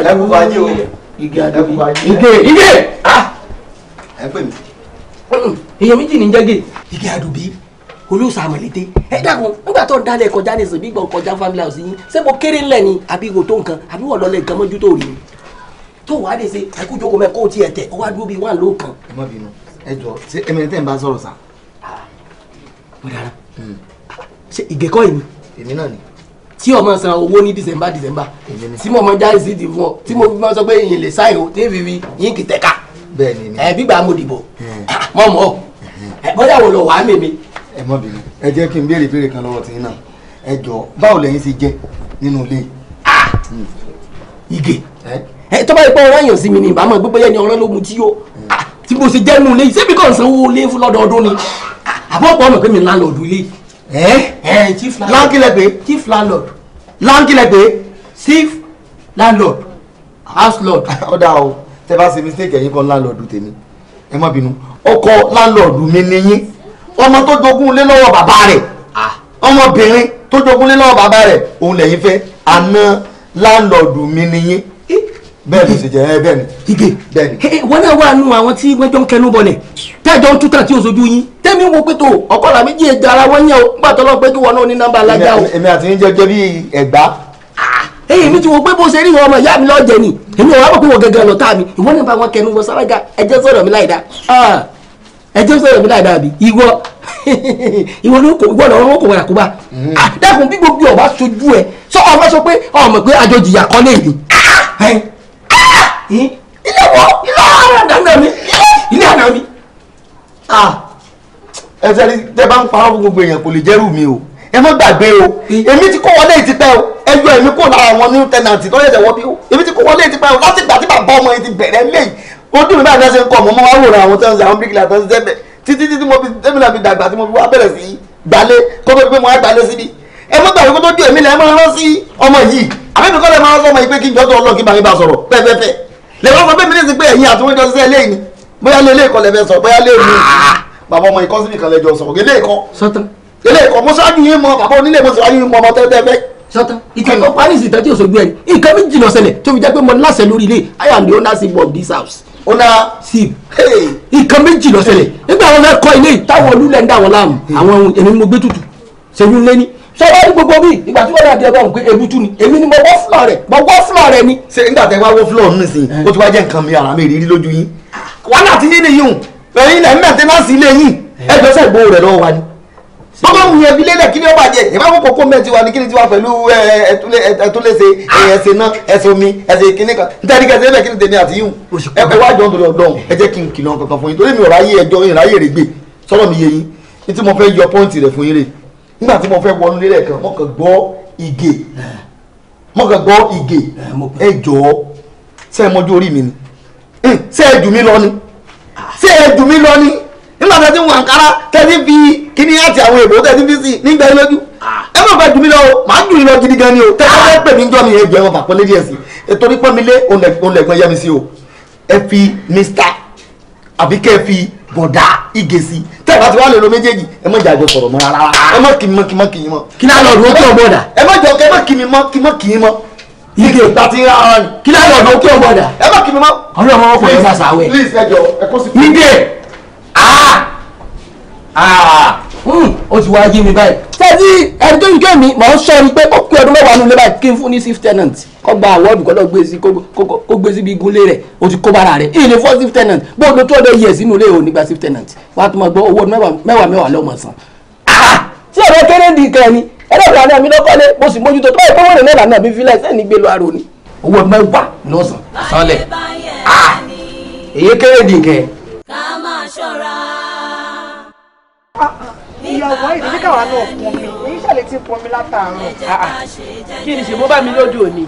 ẹ̀dẹ́gbùbájì o igi àdẹ́gbùbájì. ige ige ẹ pè mí. èèyàn méjì ní jẹ́gẹ̀. igi àdùbí olóòsàn àmọ̀lété ẹ dàgbọ́n nígbà tó ń dalẹ̀ kọjá ní sèbí gbọ́n kọjá family house yín ṣé mo kéré ńlẹ̀ ni àbí ìwò tó nǹkan àbí wọ́n lọ́lẹ̀ nǹkan mọ́jú tó rí mi tó wàá dé ṣe ẹkú jókòó mẹ́ kó o tiẹ̀ tẹ̀ ọ wá dúró bíi wà ló kan. ẹ má bínú ẹ jọ ṣé ẹ mẹ́rin tẹ́ ń bá sọ̀rọ̀ sàn. Ah. Hmm. mo dára ṣe ìgẹ̀kọ́ yìí. èmi náà ni tí ọmọ san owó ní december december tí mo mọ já sí ti fún ọ tí mo fi mọ sọ pé ìyìn lè sáyìn o tí fi fi yín kì tẹ̀ka ẹ gbígbà mo dìbò mọ hmm. ah, mọ bóyá wo lọ wàá mèmi. ẹ mọ bìnrin ẹ jẹ́ kí n béèrè béèrè kan lọ́wọ́ tìyín náà ẹ jọ báwo lẹ́yìn ṣe jẹ́ nínú ilé. ìgè ah! hmm. ẹ tọ́ bá yẹ pé ọ̀rọ̀ èèyàn sí mi ni ìbámu gbogbo yẹn ni ọ̀rọ̀ ló mu tí yó ah, tí mo ṣe jẹ́ nínú ilé yìí ṣé bí kò ń sanwó ilé fún lọ́dọọdún ni àbọ̀pọ̀ ọmọ pé mi ń lálọ́ọ̀dún ilé yìí Eh? Eh, chief landlord lankilẹ pe chief landlord lankilẹ pe chief landlord house lord. ọ̀dà o tẹ bá ṣe mistake ẹ̀yin kan landlord tèmi ẹ má bínú ọkọ landlord mi nìyí ọmọ tó jogún lé lọ́wọ́ bàbá rẹ̀ ah. ọmọbìnrin tó jogún lé lọ́wọ́ bàbá rẹ̀ òun lẹ́yìn fẹ́ àná landlord mi nìyí bẹ́ẹ̀ ló ṣe jẹ ẹ bẹ́ẹ̀ ni. ìgbè bẹ́ẹ̀ ni. wọn náà wà nù àwọn tí wọn jọ ń kẹnu bọlẹ tẹjọ ń tútà tí o sojú yín tẹmí wo pé tó ọkọlá méjì ẹja ara wọn yẹn o gbàtọ lọ pé kí wọn náà ní nọ́mbà alájà o. èmi àti yín jẹjẹ bí ẹgbà. ẹyìn ah, mi ti wo pé bó ṣe rí ìwọ ọmọ ìyá mi lọ́jẹ̀ ni èmi ò wá mọ̀ pé wọ́n gẹ́gẹ́ lọ tá mi ìwọ náà bá wọn kẹnu wọ sárága ẹjẹ sọ̀rọ̀ mi láì dá ah, ẹjẹ sọ̀rọ̀ mi láì dá bi ìwọ ìwọ ló kò ìwọ lọ́wọ́ kò wẹ̀rẹ̀ kó bá mm-hmm. ah, dákun bí gbogbo ọba sojú ẹ sọ ọmọ sọ pé ọmọ pé àjọjìyà kan lè ní ilé wọ ilé àdánà mi ilé àdánà mi. Ah, ẹ sẹ́ni tẹ́ bá ń parọ́ fún gbogbo èèyàn kò lè jẹ́rù mi o ẹ má gbàgbé o èmi ti kó wọlé ti pẹ́ o ẹ yọ èmi kó lára àwọn new tenant tó lè tẹ̀wọ́ bí o èmi ti kó wọlé ti pẹ́ o láti ìgbà tí bàbá ọmọ yẹn ti bẹ̀rẹ̀ lẹ́yìn ojú mi báyìí ṣe ń kọ́ ọmọ ọmọ wa wòran àwọn tó ń ṣe àwọn bíríkìlà tó ń ṣe bẹ̀ títí títí mo fi tẹ́mìlà mi dàgbà tí mo fi wá bẹ̀rẹ̀ sí gbalé kó tó gbé mo wá gbalé síbi ẹ mọ́ gbàgbé kó tó di èmi lẹ́ mọ́ rán sí ọmọ yìí àbẹ́bí kọ́ máa rán sí ọmọ yìí pé kí n jọ́ tó ọlọ́ọ̀kí bá mi bá sọ̀rọ̀ pẹ́ẹ́pẹ́ẹ́pẹ́ lẹ́yìn ọkọ̀ bẹ́ẹ̀ mi pé ẹ̀yin àti jọ sí ẹlẹ́yìn ni bóyá lé ilé ìkọ́ lẹ́fẹ́ sọ bóyá lé mi bàbá ọmọ ìkọ́ síbi kan lẹ́jọ sọ̀rọ̀ ilé ìkọ́ ilé ìkọ́ mo ṣáájú yín mọ bàbá onílé mo ṣáájú yín mọ ọmọ tẹ́tẹ́ fẹ́. sọtán ìtàn kan parí òṣogbo ẹni nǹkan méjì lọ ṣẹlẹ̀ tó fi jẹ́ pé mo láṣẹ lórí ilé I am the ownership of this house. ownership nǹkan méjì lọ ṣẹlẹ̀ nígbà wọn lọ kọ́ ilé ìtawọ̀ olúlẹ̀ wọn láàmú àwọn ohun sọwọ́ ní gbogbo bíi ìgbà tí wọ́n náà di ọlọ́run pé èmi tú ni èmi ni mo wọ́ fúlọ̀ rẹ̀ mo wọ́ fúlọ̀ rẹ̀ ni. ṣé nígbà tẹ wá wọ́ fúlọ̀ ọ̀hún nìsín ó ti wá jẹ́ nǹkan mi ara mi rírí lójú yín wàhálà tí yín nìyí hùn ẹ̀yin ilẹ̀ mẹ́tẹ́nàsì ilé yín ẹgbẹ́sẹ̀ ìgbòho rẹ̀ lọ́wọ́ wa ni. bọ́bá mu yẹn fi lélẹ̀ kí ni ó bàjẹ́ ìbá fún kókó mẹ́tì wa ni kí ni tiwa pẹ̀lú ẹtúlẹ̀ṣe ẹ̀ṣẹ̀ náà ẹ̀ṣẹ̀ omi ẹ̀ṣẹ̀ kìíní kan nítorí kẹsẹ̀ ẹ̀bẹ̀ kí ni tèmi àti yín ẹ̀pẹ̀ wá jọ̀ ńdọ̀dọ̀ ọ̀dọ̀ ẹ jẹ́ kí n kìlọ̀ kankan fún yín torí mi ò ráyè ẹjọ́ yín ráyè rẹ̀ gbé sọ́dọ̀ mi yẹ yín ní tí mo fẹ́ yọ pọ́ǹtì rẹ̀ fún yín rè nígbà tí mo fẹ́ wọnú lélẹ̀ kan mo kàn gbọ́ ìgè mo kàn gbọ́ ìgè ẹ jọ̀ọ́ ṣé ẹ mọjú orí mi ni hmm, ṣé ẹ jù mí lọ ni ṣé ẹ jù mí lọ ni nígbà tí wọn àǹkárá tẹ́tí fi kíní àti àwọn èbó tẹ́tí fi sí nígbà yín lójú ẹ má fẹ́ jù mí lọ o màá jù yín lọ gidi gan ni o tẹ́tí fẹ́ pè mí jọ mi ẹ jẹ́ wọn fàpọ́nlé díẹ̀ sí i torí pọ́nmi lé òun lẹ̀gbọ́n mi sí o ẹ fi mr àbí kẹ́ ẹ fi bọ̀dà igè sí tẹ́ ẹ bá ti wá lè méjèèjì ẹ má jàgbé sọ̀rọ̀ mọ́ rárá ẹ má kì í mọ́ kì í mọ́ kì í mọ́. kí ló lọ rò ó kí ẹ má jọ ẹ má kì í mọ́ kì í mọ́ kì í mọ́. igè ìta ti rà ọ́ ni. kí ló lọ rò ó kí ẹ má kì í mọ́. ọ̀rẹ́ ọmọ ọkọ̀ yẹn sàṣà wẹ̀. please ẹ jọ ẹ kó sí. igè aa aa o tí ẹni tó ń ké mi mọ̀ ń sọ ni pé ó pé ọdún mẹ́wàá nínú lébàá kí n fún ní sif tenant kọ́ gba àwọ́ọ̀dù kọ́ lọ́ọ́ gbé sí kó gbé sí bí gúnlé rẹ̀ o ti kó bára rẹ̀ ìyìn lè fọ́ sif tenant bó o lo two hundred years nínú ilé o nígbà sif tenant wàá tún máa gbọ́ owó mẹ́wàá mẹ́wàá lọ́mọ san. Ah! tí ọ̀rẹ́ kéré di kẹ́ni ẹlẹ́gbẹ̀rún àná mi lọ́kọ́lé mo sì mójútó tó báyìí pé wọ́n rìn lẹ́la náà bí fílẹ̀ sẹ́ni gbé lọ àrò ni owó mẹ́wàá lọ́sàn-án sanlẹ̀ ah! èyí kéré di kẹ́. ká máa ṣọ́ra ìyàwó ayé ìdílé káwa náà pọnmi èyí ṣàlẹ̀ ti pọnmi látàárọ̀. Ah, ah. kí ni ṣe mo bá mi lójú òní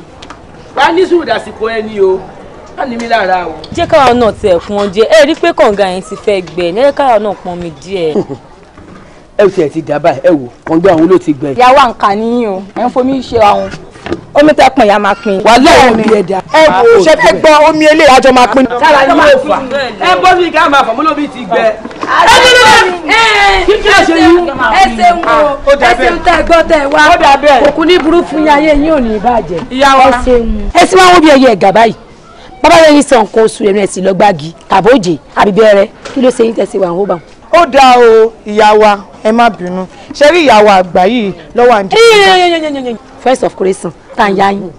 wá ní sùúrù dàsìkò ẹni o má ní mi lára o. jẹ́ káwa náà ti ẹ̀fún oúnjẹ ẹ rí i pé kànga yẹn ti fẹ́ gbẹ ẹ jẹ́ káwa náà pọnmi díẹ̀. ẹ ò tiẹ̀ ti dábàá ẹ wò kànga òun ló ti gbẹ. ìyàwó àǹkà níyìn o ẹ̀ ń fomi ṣe àwọn omi tẹ pin ya máa pin. wàhálà omi ẹ̀dá. ẹ wo ṣe fẹ́ gbọ́ omi eléyìí àjọ máa pin. kára yín yóò fà. ẹ bọ́ mi ká máa fà mọ́ lómi ti gbẹ. ẹ ní bẹ́ẹ̀ kí kí ẹ ṣe yín. ẹ ṣeun o ah, ẹ ṣeun tẹ gbọ́ tẹ wá. òkú ní burú fún yín ayé yín ò ní bàjẹ́. ìyá wa ẹ ṣeun. ẹ sì máa ń wo bí ẹyẹ ẹ̀gà báyìí bàbá yẹn yín sàn kó oṣù ẹ̀rìn ẹ̀sìn lọ́gbàgì kàbójì àbíbẹ̀rẹ̀ kí ló ṣe yín tẹ̀sí wà ń hó bá wọn ó dá o ìyá wa ẹ má bínú ṣe rí ìyá wa àgbà yìí lọ́wọ́ àǹdí first of creation tá à ń yá yín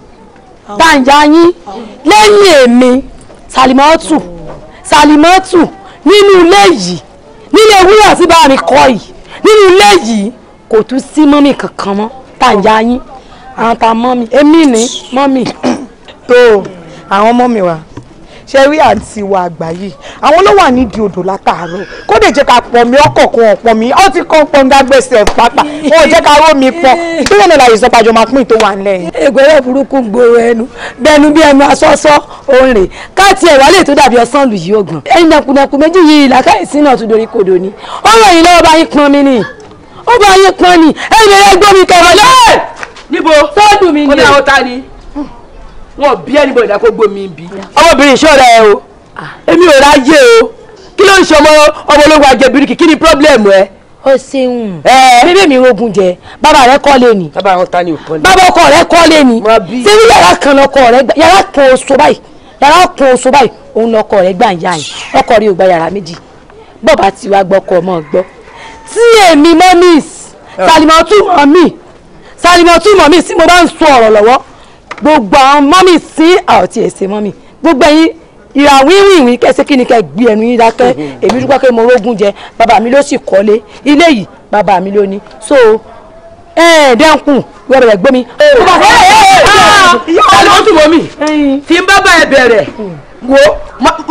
tá à ń yá yín lẹ́yìn èmi salimọ́tù salimọ́tù nínú ilé yìí nílé wúrà tí bá mi kọ́ yìí nínú ilé yìí kò tún sí mọ́mì kankan mọ́ tá à ń yá àwọn ta mọ́mì èmi ni mọ́mì tó àwọn mọ́mì wa ṣe rí àǹtí wa àgbà yìí àwọn ló wà nídìí odò látàárọ̀ kó lè jẹ́ ká pọ̀ mí ọkọ̀ọ̀kan ọ̀pọ̀ mí ó ti kàn pọ̀ ndágbèsè pápá wọn ò jẹ́ ká ró mi pọ̀ ìpínlẹ̀ náà làyè sọ́pàjọ́ máa pín ìtò wà nílẹ̀ yìí. ìgbẹ́rẹ́ burúkú gbòòrò ẹnu bẹnu bí ẹnu asọ́sọ́ òun rè káàtì ẹ̀wà lè tó dàbí ọsán lù yìí ògùn. ẹyin nàkùnàkù méjì yìí làkàyèsí náà tún dorí kodò ni ọ̀rọ̀ yìí lọ́wọ́ bá yín pọn mi ni ó bá yín pọn ni ẹ̀yin ẹ̀yẹ́ mi kẹ̀rọ̀ lẹ́ẹ̀. níbo sọ́ọ̀dù ó ta ni wọn bí ẹnibọ ìdákó gbomi bí. ọmọbìnrin ìṣọ́ra ẹ o ah. èmi ò ráyè o kí ló ń ṣe ọmọ ọmọ ológun ajẹbìrìkì kí ni pírọ́blẹ̀mù ẹ. ó ṣeun bíbí mi rogun jẹ bàbá rẹ kọ́ lé ni bàbá ọkọ rẹ kọ́ lé ni ṣé ní yàrá kan lọkọ rẹ yàrá kan oṣù báyìí yàrá kan oṣù báyìí òun lọkọ rẹ gbà ń yá yìí ọkọ rẹ ò gba yàrá méjì bọ́ọ̀bá ti wá gbọ́kọ̀ ọmọ gbọ́ tí èmi mọ́ miss ah. salimọ̀ tún mọ̀ mí salimọ̀ tún mọ̀ mí sí mo bá ń sọ ọ̀rọ̀ lọ́wọ́ gbogbo àwọn mọ́mì sí àti èsè mọ́mì gbogbo ẹ̀yin ìrà wíwìnwín kẹsẹ́ kí ni kẹ gbé ẹnu yín dákẹ́ èmi dúpẹ́ pé mo rógún jẹ bàbá mi ló sì kọ́lé ilé yìí bàbá mi ló ní so ẹ dẹ́kun wẹ́rẹ́ rẹ̀ gbé mi. ìyá ló tún wọ mi tí n bá bá ẹ bẹ̀rẹ̀ wo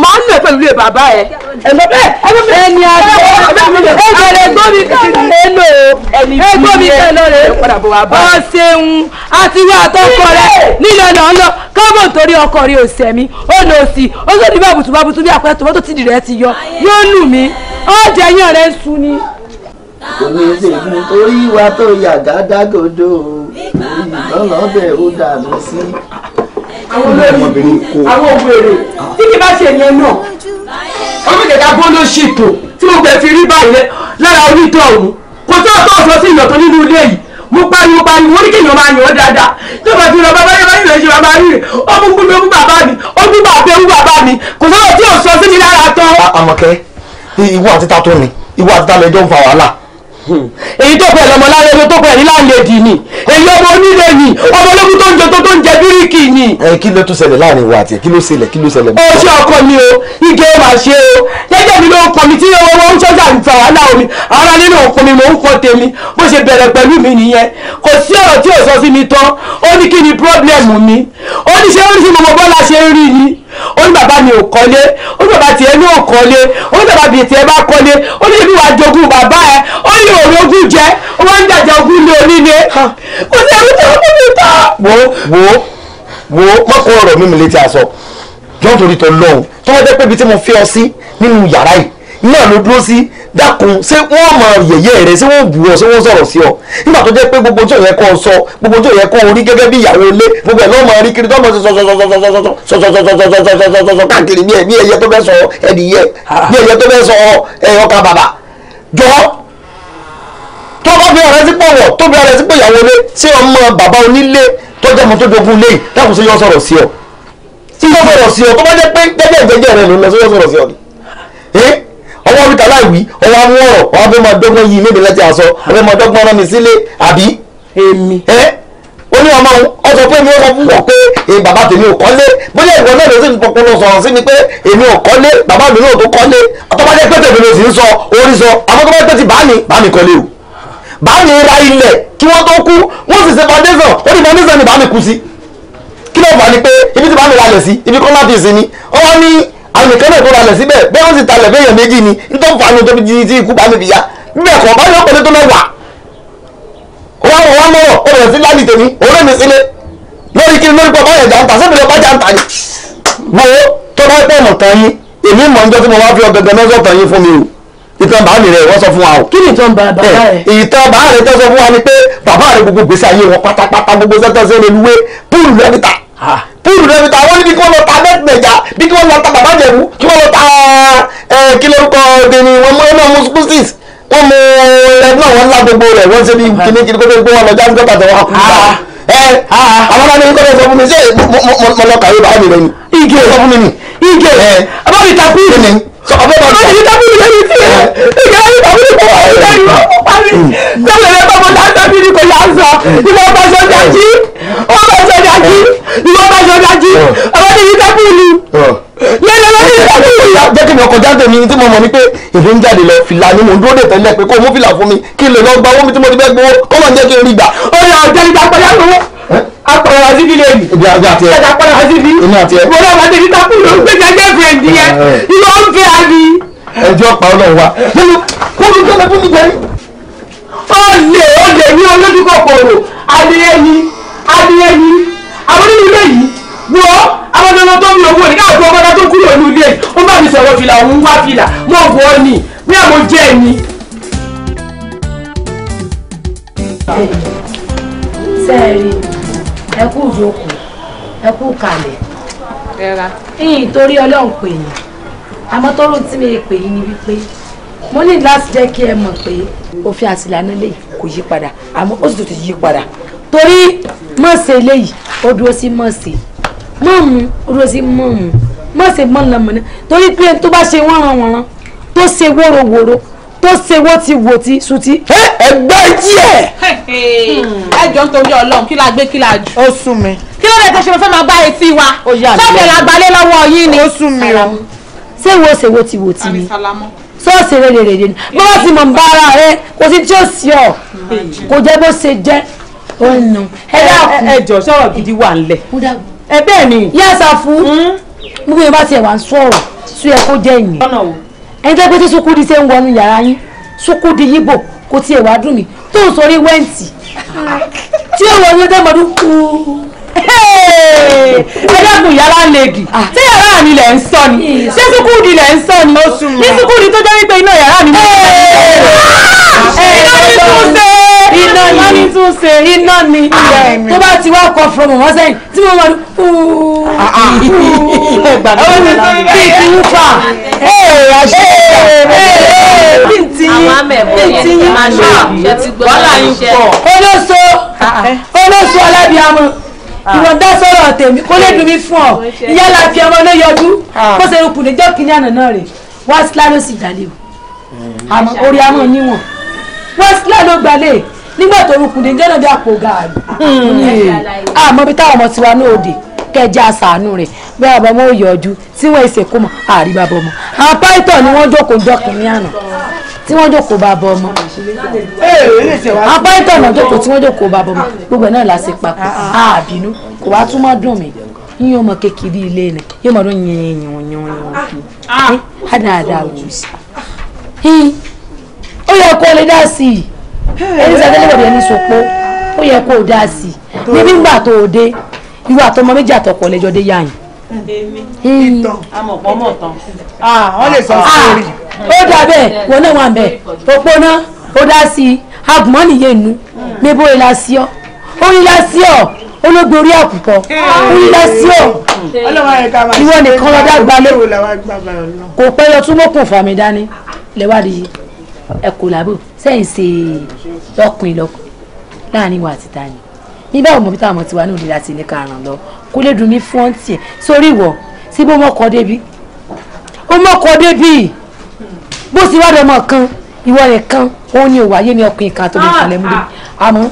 máa ń nù ẹ pẹ̀lú ilé bàbá ẹ. ẹ̀lọ́ bẹ́ẹ̀ ẹni àgbẹ̀ ẹgbẹ̀rẹ̀ gbómi kẹ́lọ́ ẹ̀lọ́ ẹgbómi kẹ́lọ́ rẹ̀ ọ ṣeun àti wá àtọkọ rẹ nílẹ̀ náà lọ kábọ̀ torí ọkọ rẹ òsè mi ó lọ sí i ó sọ ní bàbùtù bàbùtù bí àpẹẹrẹ tòmọ́tò tìdí rẹ ti yọ yóò lù mí ó jẹ yín ọ̀rẹ́ ń sun ni gbogbo ẹsẹ̀ fún orí wa tó yà gádágodo ìgbọ́nà bẹ̀ ó dànù sí. àwọn olórí àwọn ògbèrè tí kì bá ṣe yẹn náà orílẹ̀-èdè abọ́lọ́ ṣètò tí mo gbẹ̀ fi rí báyìí lára onítọ̀ ọ̀hún kò tó ọ̀tọ̀ ọ̀tọ̀ sí ìyọ̀tọ̀ nínú ilé yìí mo pariwo pariwo wọ́n ní kí èèyàn máa yàn ọ́ dáadáa tó bá ti rọ bàbá yẹn báyìí lọ́ọ́ ṣe bàbá rí rẹ̀ ó mú gbúgbé bàbá mi ó mú bàbá bàbá mi kò sọ́dọ̀ tí ò sọ sí mi lára tán. Àmọ̀kẹ́ ìwọ àti ta ni ìwọ àti ta lẹjọ́ ń fa wàhálà èyí tó pẹ̀ lọ́mọ lára ẹni tó pẹ̀ ní láǹlẹ̀dì ni èyí ọmọ onílé ni ọmọ ológun tó ń jẹ tó tó ń jẹ bíríkì ni. ẹ kí ló tún ṣẹlẹ̀ láàrin ìwà àti ẹ kí ló ṣẹlẹ̀ kí ló ṣẹlẹ̀. ó ṣe ọkọ mi o ige mà ṣe o jẹ́jẹ́ mi ló ń kọ mi tí owó ń ṣọ́jà ń fa wàhálà omi ara nínú òkun mi mò ń kọ tèmi bó ṣe bẹ̀rẹ̀ pẹ̀lú mi nìyẹn kò sí ọ̀rọ̀ tí ò sọ sí mi tán ó ní kí ni pírọ́blẹ̀mù mi ó ní ṣé ó mọ̀mọ́ bọ́lá ṣe ń rí ni ó ní bàbá mi ò kọ́lé ó ní bàbá tiẹ̀ ní ò kọ́lé ó ní bàbá mi tiẹ̀ bá kọ́lé ó ní ibi wàá jogún bàbá ẹ̀ ó ní òòrùn ogún jẹ ó wá ń dàjà ogún lé onílé kò sí ẹrú tó kún mi tán. wo wo wo mọ́kọ́ ọ̀rọ̀ mímu létí aṣọ jọ́n torí tọ́ lọ́hùn tó wọ́n jẹ́ pé ibi tí mo fi ọ sí nínú yàrá yìí náà ló dúró sí dákun ṣé wọ́n mọ yẹ̀yẹ́ rẹ̀ ṣé wọ́n bù ọ ṣé wọ́n sọ̀rọ̀ sí ọ nígbà tó jẹ́ pé gbogbo tó yẹ kó o sọ gbogbo tó yẹ kó o rí gẹ́gẹ́ bí ìyàwó ilé gbogbo ẹ̀ lọ́mọ rí kiri tọ́mọ sọ̀sọ̀sọ̀sọ̀sọ̀sọ̀sọ̀sọ̀sọ̀sọ̀sọ̀sọ̀sọ̀ káàkiri bí ẹyẹ tó fẹ́ sọ ẹdìyẹ bí ẹyẹ tó fẹ́ sọ ọkà bàbà jọ tó bá fi ọ̀rẹ́ sí pọ̀wọ̀ tó fi ọ̀rẹ́ sí pé ìyàwó ilé ṣé ọmọ bàbá onílé tó jẹ́ mo tó jogún lé dákun ṣé yọ sọ̀rọ̀ sí ọ tí yọ sọ̀rọ̀ sí ọ tó bá jẹ́ pé jẹ́jẹ́ ìjẹ́jẹ́ rẹ̀ ló lọ sí yọ sọ̀rọ̀ sí ọ ni ọwọ́ orí tàlá ìwí ọwọ́ amú ọ̀rọ̀ ọwọ́ abẹ́ máa dọ́gbọ́n yìí mébìí láti àṣọ abẹ́ máa dọ́gbọ́n rán mi sílé àbí. èmi. ẹ ó ní ọmọ ọ sọ pé mi ò sọ fún wọn pé èmi bàbá tèmi ò kọ́lé bóyá ìwọ náà ló sì ń pọpọ lọ sọ̀rọ̀ sí mi pé èmi ò kọ́lé bàbá mi náà tó kọ́lé ọtọ́ba jẹ́ pé tèmi ló sì ń sọ orí sọ àwọn tó bá tètè bá mi bá mi kọ́lé o bá mi ra ilẹ̀ kí wọ́n tó kú wọ́n sì ṣe foundation ó ní foundation ni bá mi kú sí kí ló fà ní pé ibi tí bá mi ra lẹ̀ sí ibi kọ́lá fi sí ni ọwọ́ ní àyìnkan náà tó ralẹ̀ síbẹ̀ bẹ́ẹ̀ wọ́n sì talẹ̀ fẹ́yàn méjì ni nítorí fanu tó fi di ti ikú bámi bìyà bíbẹ̀ kọ̀ bá yọ pẹ̀lú tó mẹ́wàá wọ́n wọ́n mọ̀rọ̀ ó bẹ̀rẹ̀ sí láàbì tèmi òun mi sílé lórí kí lórí pọ̀ báyọ̀ jàǹtà sẹ́mi lọ bá jàǹtà ni. mo tó bá pẹ́ mọ̀ tán yín èmi mọ̀ níjọ́ tí mo wá fi ọ̀gẹ̀gẹ̀ mẹ́sọ̀ tán yín fún mi o ìtàn bàá mi rẹ̀ wọ́n sọ fún wa o. kí ni ìtàn bàbá eh, rẹ̀. ìtàn bàá rẹ̀ tó sọ fún wa ni pé bàbá rẹ̀ gbogbo gbèsè ayé wọn pátápátá gbogbo sẹ́tọ̀ sí ẹni wé púùlù lọ́kítà púùlù náà fi ta wọ́n níbi kí wọ́n lọ ta nẹ́tìnẹ̀já bí kí wọ́n lọ ta bàbá jẹ̀rú kí wọ́n lọ ta kí lórúkọ dèní wọn mọ iná mu spusis wọn mọ ẹ náà wọn gbogbo rẹ wọn ṣe bí kíní kíní kótó gbé wọn lọ jáde gbàtà wọn àwọn ọmọdé ní kọ́lé sọ fún mi ṣé mo lọ kàwé bàá mi rẹ ike sọ fún mi ni. ike abáyé ta púùlù ni ọbẹ̀ bá mi ta púùlù yẹn ni tiẹ̀ ike ayé ta púùlù kọ́ ọ̀hún lẹ́yìn ọ̀hún parí. sọ́lẹ̀ rẹ̀ bá mo dá ọba ìsọdájí ìwọ ọba ìsọdájí ọba ti ní tẹ́kùlù lẹ́nu lọ́dún ní tẹ́kùlù. jẹ́ kí ni ọkọ̀ jáde mi tí mo mọ̀ ni pé èmi ń jáde lọ fìlà ni mò ń dúró dè tẹ́lẹ̀ pé kó o mú fìlà fún mi kí n lè lọ gba owó mi tí mo ti fẹ́ gbowó kó má jẹ́ kí n rí gbà. ó yà ọ̀jẹ̀ nígbà pẹ̀lú àwọn apọ̀lọ̀ wá síbi lè rí ẹ̀dá apọ̀lọ̀ wá síbi mo náà wá dé ní tẹ́kùlù pé jẹ́jẹ́ fèrèdì yẹn ìwọ ń fẹ́ àbí. ẹjọ́ pa ọlọ́run wa nínú kó mi gbọ́dọ̀ fún mi jẹ́rí. ó lè ó lè ní olójú kòkòrò adìyẹ ni adìyẹ ni àwọn nínú ilé yìí wo àwọn ọmọ tó ń lọ owó nígbà tó ọmọdé tó kúrò ní ilé ó bá mi sọ̀rọ̀ fìlà òun wá fìlà mọ́ bọ́ ni bí àwọn jẹ́ ẹni. sẹ́ẹ̀rì ẹ kú ìjókòó ẹ kú kalẹ̀ ìyìn torí ọlọ́run pè yín àmọ́ tó rò tí mi pè yín ni wípé mo ní láti jẹ́ kí ẹ mọ̀ pé òfin àtìlánà lè kò yí padà àmọ́ ó sì tún ti yí padà torí mọ̀ọ́sẹ̀ eléyìí ó dúró sí mọ̀ọ́sẹ̀ mọ̀ọ́mù ó dúró sí mọ̀ọ́mù mọ̀ọ́sẹ̀ mọ̀ọ́lọ́mọ̀ọ́ná torí pé tó bá ṣe wọ́n ràn wọ́n rán tó ṣe wóróworó tó ṣe wó ti wò ti sùtì. ẹgbẹ́ jí ẹ̀. ẹ jọ ń torí ọlọ́run kí la gbé kí la jù. ó sún mi. kí ló dé tó ṣe mo fẹ́ máa bá etí wa. ó yà mí sọ́ọ̀bì làgbálẹ̀ lọ́wọ́ yín ni. ó sún mi o. ṣé wo ṣe wo ti wò ti ni. sọ́ọ̀ṣì rẹ̀ rẹ̀ rẹ̀ ni. bọ́ọ̀ sì mọ̀ ń bá ara rẹ kò sí tí ó sì ọ̀ kò jẹ́ bó ṣe jẹ́ ọ̀nà ẹ dákun ẹ jọ sọ̀rọ̀ gidi wà ńlẹ̀ ẹ bẹ́ẹ̀ ni. yàtọ̀ fún hmm? gbogbo yẹn bá tiẹ̀ wà ń sọ̀rọ̀ sún ẹ kó jẹ́ ìyẹn ẹni tó pé tí sukudi ṣe ń wọnú yàrá yín sukudi yíbò kò tiẹ̀ wá dùn mí tó ń sọrí wẹ́ǹtì ah. tí ó wọ ọdún tẹ́ mọ́dún kúú ẹlẹ́gùn yàrá lèdì ṣé yàrá mi lẹ̀ ń sọ ni ṣé sukùú di lẹ̀ ń sọ ni ní sukùú di tó jẹ́ wípé iná yàrá mi. iná ni tún ṣe iná ni tún ṣe ah. iná ni tó bá ti wá kọ fún wọn sẹ́yìn tí mo wọn kí n ti yín fà kí n ti yín kí n ti yín fà wàhálà yín pọ̀ olóso ah, ah. olóso alábìámọ́. Ah. ìwọ dá sọ̀rọ̀ tèmi kó lè dùn mí fún ọ ìyá láfi ọmọ ló yọjú ah. kó ṣe rúkú níjọ́ kínní àná náà rè wá sílá ló sì jalè o àmọ́ orí amọ̀ níwọ̀n wá sílá ló gbalẹ̀ nígbà tó rúkú níjọ́ náà dé àpò gààrí hmm. àmọ́ bí táwọn ọmọ tiwa náà òde kẹjá àṣàánú rẹ̀ bí àbọ̀ ọmọ ò yọjú tí wọ́n ìṣèkómọ àrí bàbọ̀ ọmọ àwọn pàìtọ́ ni wọ́n jókòó jọ kínní àná tí wọ́n jókòó bá bọ ọmọ apá ìtọ̀nà jókòó tí wọ́n jókòó bá bọ ọmọ gbogbo ẹ̀ náà la ṣe papọ̀ àbínú kò wá túmọ̀ dùn mí yín ọmọ kékeré ilé ni yóò mọ̀ lóyún yín yín yín yín àdáadáa wò sí ó yẹ kó lè dá sí i ẹni sàtẹ́lẹ̀ bọ̀dọ̀ ẹni sọpọ̀ ó yẹ kó dá sí i níbi ìgbà tó o dé irú àtọmọ méjì àtọkọ lẹjọ dé yáyìn Hmm. ìtàn amọ̀pọ̀ mọ̀ tán. wọ́n lè sọ ah, sórí. Ah, ó dà bẹ́ẹ̀ wọn náà wà bẹ́ẹ̀ òpónà ó dá sí i agùnmọ́ nìyẹn nu mébó ìlà sí ọ orí ìlà sí ọ olóògbé orí àkùkọ orí ìlà sí ọ hmm. ìwọ nìkan lọ dàgbà lé kò pẹ́ lọ tún mọ́kùn fàmì dání lẹ́wádìí ẹ̀kọ́ làbò sẹ́yìn ṣe lọ́kùnrin lọ́kùn láàrin wa àti tani ní báwo mọ̀ bí táwọn ti wá ní òde láti ní karùn-ún lọ kó lè dùn mí fún ọ́n tiẹ̀ sórí ìwọ sí bó mọ̀kọ́ débi ó mọ̀kọ́ débi bó sì wá dọmọ kan ìwọ nìkan òun ni òwáyé ni ọkùnrin kan tó lè falẹ̀ múlẹ̀ àmọ́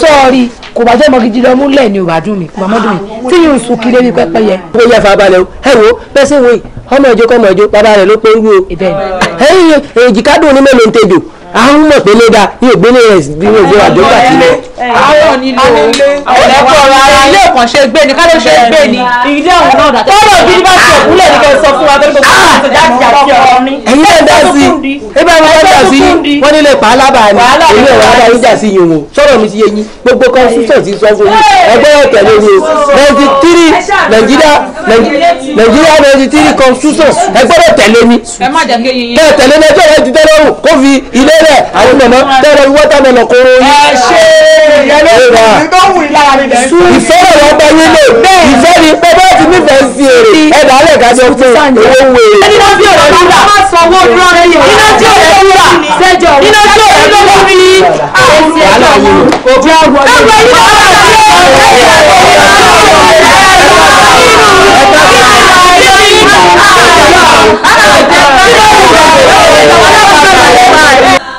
sọ́ọ̀rì kò bá jẹ́ ọmọ gidi lọ múlẹ̀ ni òwà dùn mí kò má dùn mí tí yóò sùn kí lórí pẹ́pẹ́ yẹ. ó yẹ fa balẹ̀ o ẹ wo bẹ́ẹ̀ sì wo ọmọ ìjọ kọ́ ọmọ ìjọ bàbá rẹ̀ ló pé wú o. ẹ̀yìn èjìká dùn ní mélòó ń tejò àwọn mọ̀ pé ló dáa ní ògbélé rẹ̀ bí wọ́n gbé wàjọ́ gbà sílẹ̀. àwọn nílò ọ̀lẹ́kọ̀ ara ilé kan ṣe gbé ni kálọ̀ ṣe gbé ni ìdílé àwọn náà dàtẹ́. tọ́lọ̀ bí bá ṣe òkúlẹ̀ ní kẹ́ sọ fún wa pẹ̀lú gbogbo àwọn àti àti ọ̀rin. ẹ̀yin náà dá sí i ẹgbẹ́ wọn dá sí i wọ́n nílé pàálábà ni èyí ọ̀rọ̀ adá yín dá sí i yìnbọn sọ̀rọ̀ mi ti yé yín gbogbo constitution ti sọ fún yín ẹgbẹ́ ọ̀tẹ̀lẹ̀ ni o ninety three nàìjíríà ẹgbẹ́ rẹ̀ ti tẹ́lẹ̀ òun kó ilé tẹ́lẹ̀ àwọn mọ̀nà tẹ́lẹ̀ wọ́tàmẹ̀lọ̀ kóró yín. ẹ ṣe ìyẹlẹ ìdóhùn ìlara ni ìfẹ́ rẹ̀ wọ́n bẹ wílò ìfẹ́ ni pé bẹ́ẹ̀ ti nífẹ̀ẹ́ sí èrè ẹ̀dá alẹ́ kájọ pé owó wé. iná tí ọ̀rẹ́ ló wà iná tí ọ̀rẹ́ ló wà iná tí ló wà ní àìsí ẹ̀dá yìí. ló wà ní ọ̀rẹ́ rẹ̀ ló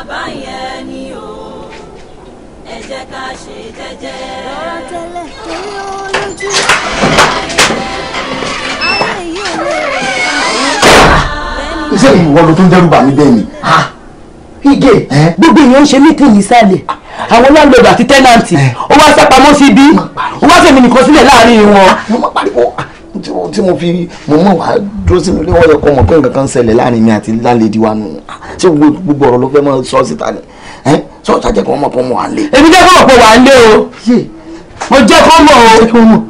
bàbá yẹn ni o ẹ jẹ́ ká ṣe jẹ́jẹ́. rọra tẹ́lẹ̀ torí ó lójú. àwọn èyí ò lè rẹ̀. iṣẹ́ ìwọ ló tún dẹ́rù bà mí bẹ́ẹ̀ ni. Ige gbogbo èèyàn ń ṣe mítìnì ìsàlẹ̀ àwọn landlord àti tẹ́nàntì ó wá sápamọ́ sí ó wá fèmí nìkan sílẹ̀ láàrin wọn tí mo fi mo mọ̀ wá dúró sínú ilé wọ́n yẹ kọ́ mọ̀ pé nǹkan kan ṣẹlẹ̀ láàrin mi àti láńlẹ́dí wa nù ah, ṣé gbogbo ọ̀rọ̀ ló fẹ́ mọ́ sọ síta ni sọ jàjẹ́ kọ́ mọ̀ pọ́ mọ̀ wá ń lé. èmi jẹ́ kọ́ mọ̀ pọ́ wá ń lé o mo jẹ́ kọ́ mọ̀ o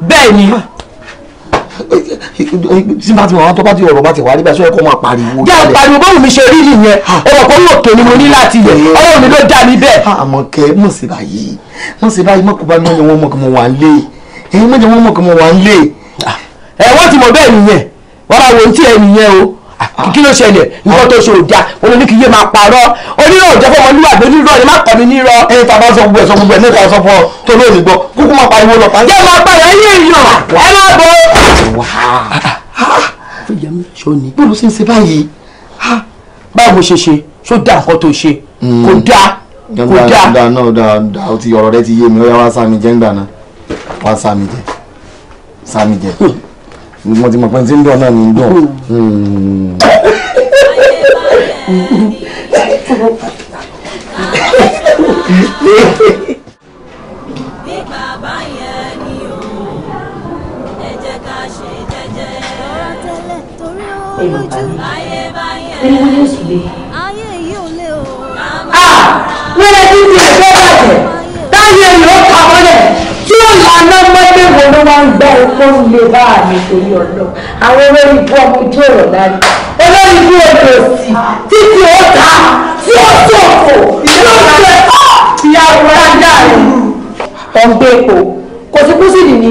bẹ́ẹ̀ ni ah. tí bá ti wà wọn tó bá ti ọ̀rọ̀ bá ti wà níbẹ̀ sọ yẹ kó máa pariwo. jẹ́ àpariwo báwo mi ṣe rí nìyẹn ọ̀rọ̀ ah. pé yóò tó ni mo ní láti yẹ ọ̀rọ̀ mi ló dá mi bẹ́ẹ̀. àmọ́ kẹ́ mọ̀ sí báyìí mọ̀ sí báyìí ẹ wọ́n ti mọ̀ bẹ́ẹ̀ nìyẹn wọ́n máa wo ti ẹ nìyẹn o ah, kí ló ṣẹlẹ̀ nǹkan tó ṣe òjà wọn ní kí yé máa parọ́ onírọ̀ òjẹ́ fún ọmọlúwàbí onírọ̀ ni má kọ́ mi nírọ̀. ẹ ta bá sọ gbogbo ẹ sọ gbogbo ẹ ní ìta sọ fún ọ tó lóòní gbọ́ kúkú máa pariwo lọ. jẹ́ máa pariwo ẹyẹ èèyàn ah, ẹ máa bọ̀. Ah, fìyà mi ṣó ni bóòlù ṣe ń ṣe báyìí báwo ṣe ṣe ṣó dá nǹkan tó ṣe hmm. kò dá kò dá. dáa náà dáa dáa ọ̀rọ̀ rẹ ti yé mi ó yá wá sáà mi jẹ́ ń gbà náà wá sáà mi jẹ́ sáà mi jẹ́. Hmm mo ti mọ̀ pé tí ń dùn náà ní dùn. Ayé yìí lé o. Ah! Wọ́n lè dín ní ẹ̀jẹ̀ bàjẹ́. Táyé yìí ó ìlànà mọ́lé wo ló máa ń gbá epo lè bá mi torí ọ̀dọ́ àwọn olórí ibú ọmọ ojú ọ̀rọ̀ lárí olórí ibú ọdọ sí títí ó ta tí ó sọ̀kò yóò ṣe ọ́ ìyàwó ajá rẹ̀. ọ̀gbẹ́ epo kò sí kùsìnì ni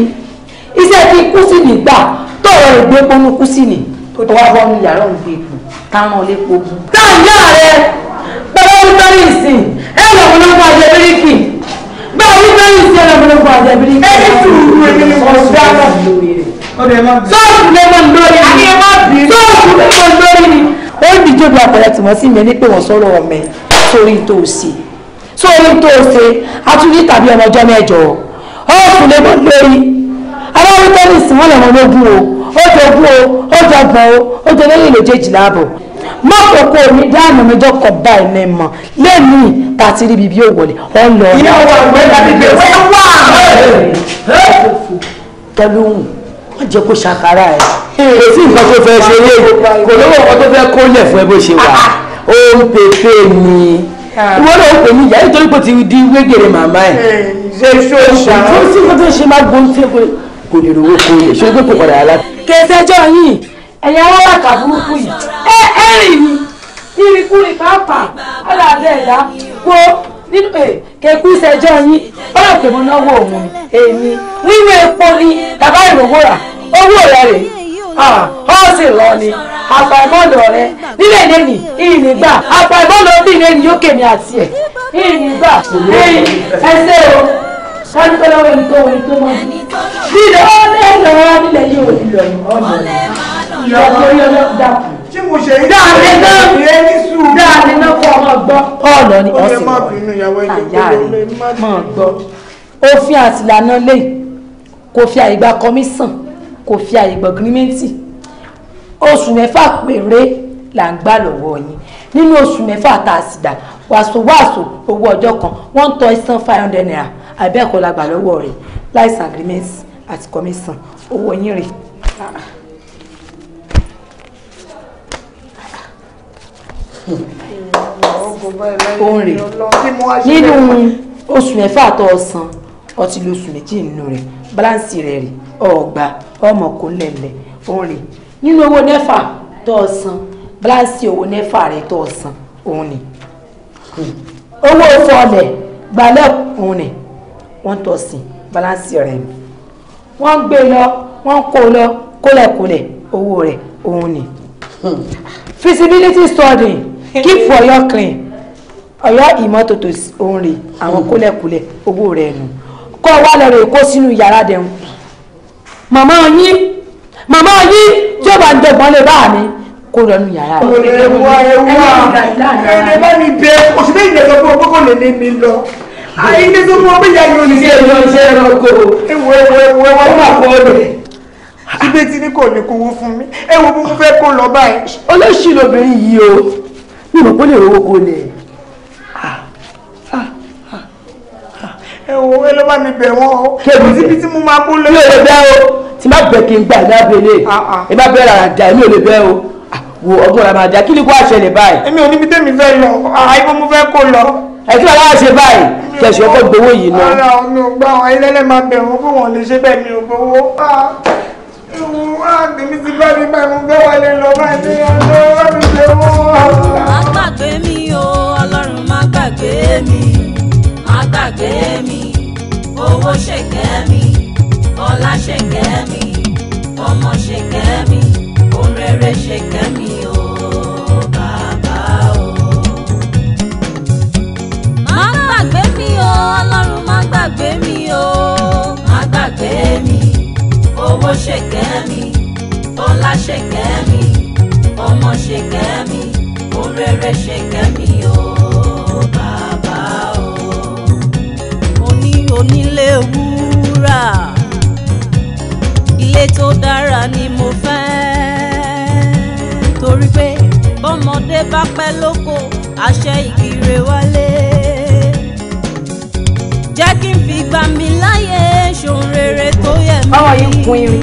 iṣẹ́ kí kùsìnì gbà tọ̀rọ̀ rẹ̀ gbé epo ní kùsìnì tó wá bọ́ ní yàrá òǹgbẹ́ epo táwọn lépo bù. táyà rẹ pẹ̀lú ọdún tọ́lí ìsìn ẹ̀ lọ́kùnrin bá a wípé yìí sí ẹ̀rọ ìbílẹ̀ fún àjẹbí ní ẹni sùúrù ẹni ní ọ̀dọ́ àgbà. sọ́ọ̀sì lè mọ̀ lórí ni sọ́ọ̀sì lè mọ̀ lórí ni. ó ń díjọ́ bí apẹ̀rẹ̀ tìmọ́ sí mi ní pé wọ́n sọ̀rọ̀ ọmọ ẹ̀ sórí tó o ṣe sórí tó o ṣe atúndí tàbí ọmọ ọjọ́ mẹ́jọ ọ̀sùn lè mọ̀ lórí. aláwọ̀ tẹ́lẹ̀ sí wọn lè mọ lógún o ó jogún o ó jọgbọ̀n o ó jọ lẹ́yìn lójéjì láàbọ̀ má kókó mi dáàmú mi jọkọ̀ báyìí ní mọ̀ lẹ́nu tá a ti rí bíbí òwòlẹ̀ ọ̀ lọ. ìyá wa ìwé láti gbé wẹ́ wá. tọ́lúhùn wọ́n jẹ́ kó ṣàkárà ẹ̀. èsì nǹkan tó fẹ́ ṣe lé kò lówó nǹkan tó fẹ́ kólẹ̀ fún ẹ bó ṣe wà ah, ah. ó ń pèpè mi ah. ìwọ náà ó pè mí ìyá nítorí pé ti di wégèrè màmá ẹ̀. Eh, ṣe ṣó ṣá. ó sì nǹkan tó ṣe má gbóhùn fẹ́ kò lè rówó kólẹ̀ ṣé ó gbé kò padà yà lá. kẹsẹ́jọ́ yìí ẹ̀yin alábàkà burúkú yìí ẹ ẹ rìn ni irikúri pàápàá aláàbẹ ẹ̀dá gbó nínú ẹ kẹkú ìṣẹjọ yín báwo pé mo náwó òun èmi wíwé epo ni bàbá ìròwó rà owó rẹ rèé ọ sì lọ ni àpàìmọ́lò rẹ nílẹ̀ lẹ́nì ìnìgbà àpàìmọ́lò bí lẹ́nì yókè mi àti ẹ̀ ìnìgbà ẹ̀ṣẹ̀ o sanitọ́lọ́wọ́ ẹni tó wọ́n tó wọ́n lílọ ọlẹ́ lọ́wọ́ nílẹ̀ yìí ò lílọ ọlẹ́ ìyá torí ọlọ́ dàpọ̀. tí mo ṣe yí dáadé náà ní náà kó ọmọ gbọ́ ọ̀nà ni ọ̀sìn àyà rẹ̀ mọ̀ gbọ́. òfin àtìlànà lè kò fi àyè gba kọmísàn kò fi àyè gba gírímẹ́ǹtì oṣù mẹ́fà péré là ń gbà lọ́wọ́ yín nínú oṣù mẹ́fà tá a sì dà wàṣọ wàṣọ owó ọjọ́ kan one thousand five hundred naira àbẹ́ẹ̀kọ́ la gbà lọ́wọ́ rẹ̀ láìsí agreement àti commission owó yín rè. òǹrè nínú oṣù mẹ́fà tó o san lo lóṣù méjì nínú rẹ̀ báláǹsì rẹ̀ rè ọ̀gbà ọmọ kò lẹ̀lẹ̀ òǹrè nínú owó nẹ́fà tó o san báláǹsì owó nẹ́fà rẹ̀ tó o san òun ni owó fọlẹ̀ gbalẹ̀ òun ni one thousand balance rẹ̀ mi wọ́n gbé e lọ wọ́n kó lọ kólẹ̀kólẹ̀ owó rẹ̀ òun ni feasibility study keep for your clean ọ̀yọ́ ìmọ́tótó òun rè àwọn kólẹ̀kólẹ̀ owó rẹ̀ nù kọ́ wá lọ́rọ̀ èkó sínú yàrá dẹ̀hùn màmá yín màmá yín tí ó bá ń dẹ̀gbọ́n lè bá mi kó lọ nù yàrá rẹ̀. ẹ̀wọ̀ ẹ̀wọ̀ ẹ̀wọ̀ bá mi bẹ òṣèlú ìdẹ̀gbọ́n gbogbo lè ní mi lọ ayé ní tó mọ bíyà yóò ní ẹ̀rọ ṣe ẹranko ẹwọ ẹwọ ẹwọ ẹwọ ọmọ àpò ọdún. síbẹ̀ tí ní kò ní kówó fún mi ẹ wo mo fẹ́ kó lọ báyìí. olóṣì lobìnrin yìí o mi ò kó lè rówó kó lè. ẹ wo ẹ lọ́ bá mi bẹ̀ wọ́n o kò síbi tí mo máa kó lọ. mi ò lè bẹ́ o tí má bẹ̀ kí n gbà ní abẹ́lé ah, ah. ẹ má bẹ́ rárá dà mi ò lè bẹ́ o ah, wo ọgbọ́n ramadan kí ni kó àṣẹ lè báyìí. èmi ò ní bí tèmi fẹ́ lọ ẹ kí wàá ṣe báyìí kẹsì ọkọ gbowó yìí náà. ara òun ò gbà wọn ẹlẹ́lẹ́ máa bẹ̀ wọ́n kó wọn lè ṣe bẹ́ẹ̀ mi ò gbowó. ìwọ̀n àtẹ̀mí ti bá mi báyìí mo fẹ́ wà lè lọ báyìí ọjọ́ wà mí ṣe wọ́n. má gbàgbé mi o ọlọ́run má gbàgbé mi má gbàgbé mi owó ṣèkẹ́ mi ọlá ṣèkẹ́ mi ọmọ ṣèkẹ́ mi ohun rere ṣèkẹ́ mi. ọlọ́run má gbàgbé mi o. má gbàgbé mi owó ṣèkẹ́ mi ọlá ṣèkẹ́ mi ọmọ ṣèkẹ́ mi oréré ṣèkẹ́ mi o bàbá o. mo ní onílé wúrà ilé tó dára ni mo fẹ́ torí pé bọ́mọdé bá pẹ́ lóko àṣẹ ìgìrè wálé. gbà mí láyè ṣòun rere tó yẹ mí. báwo yín kun irin.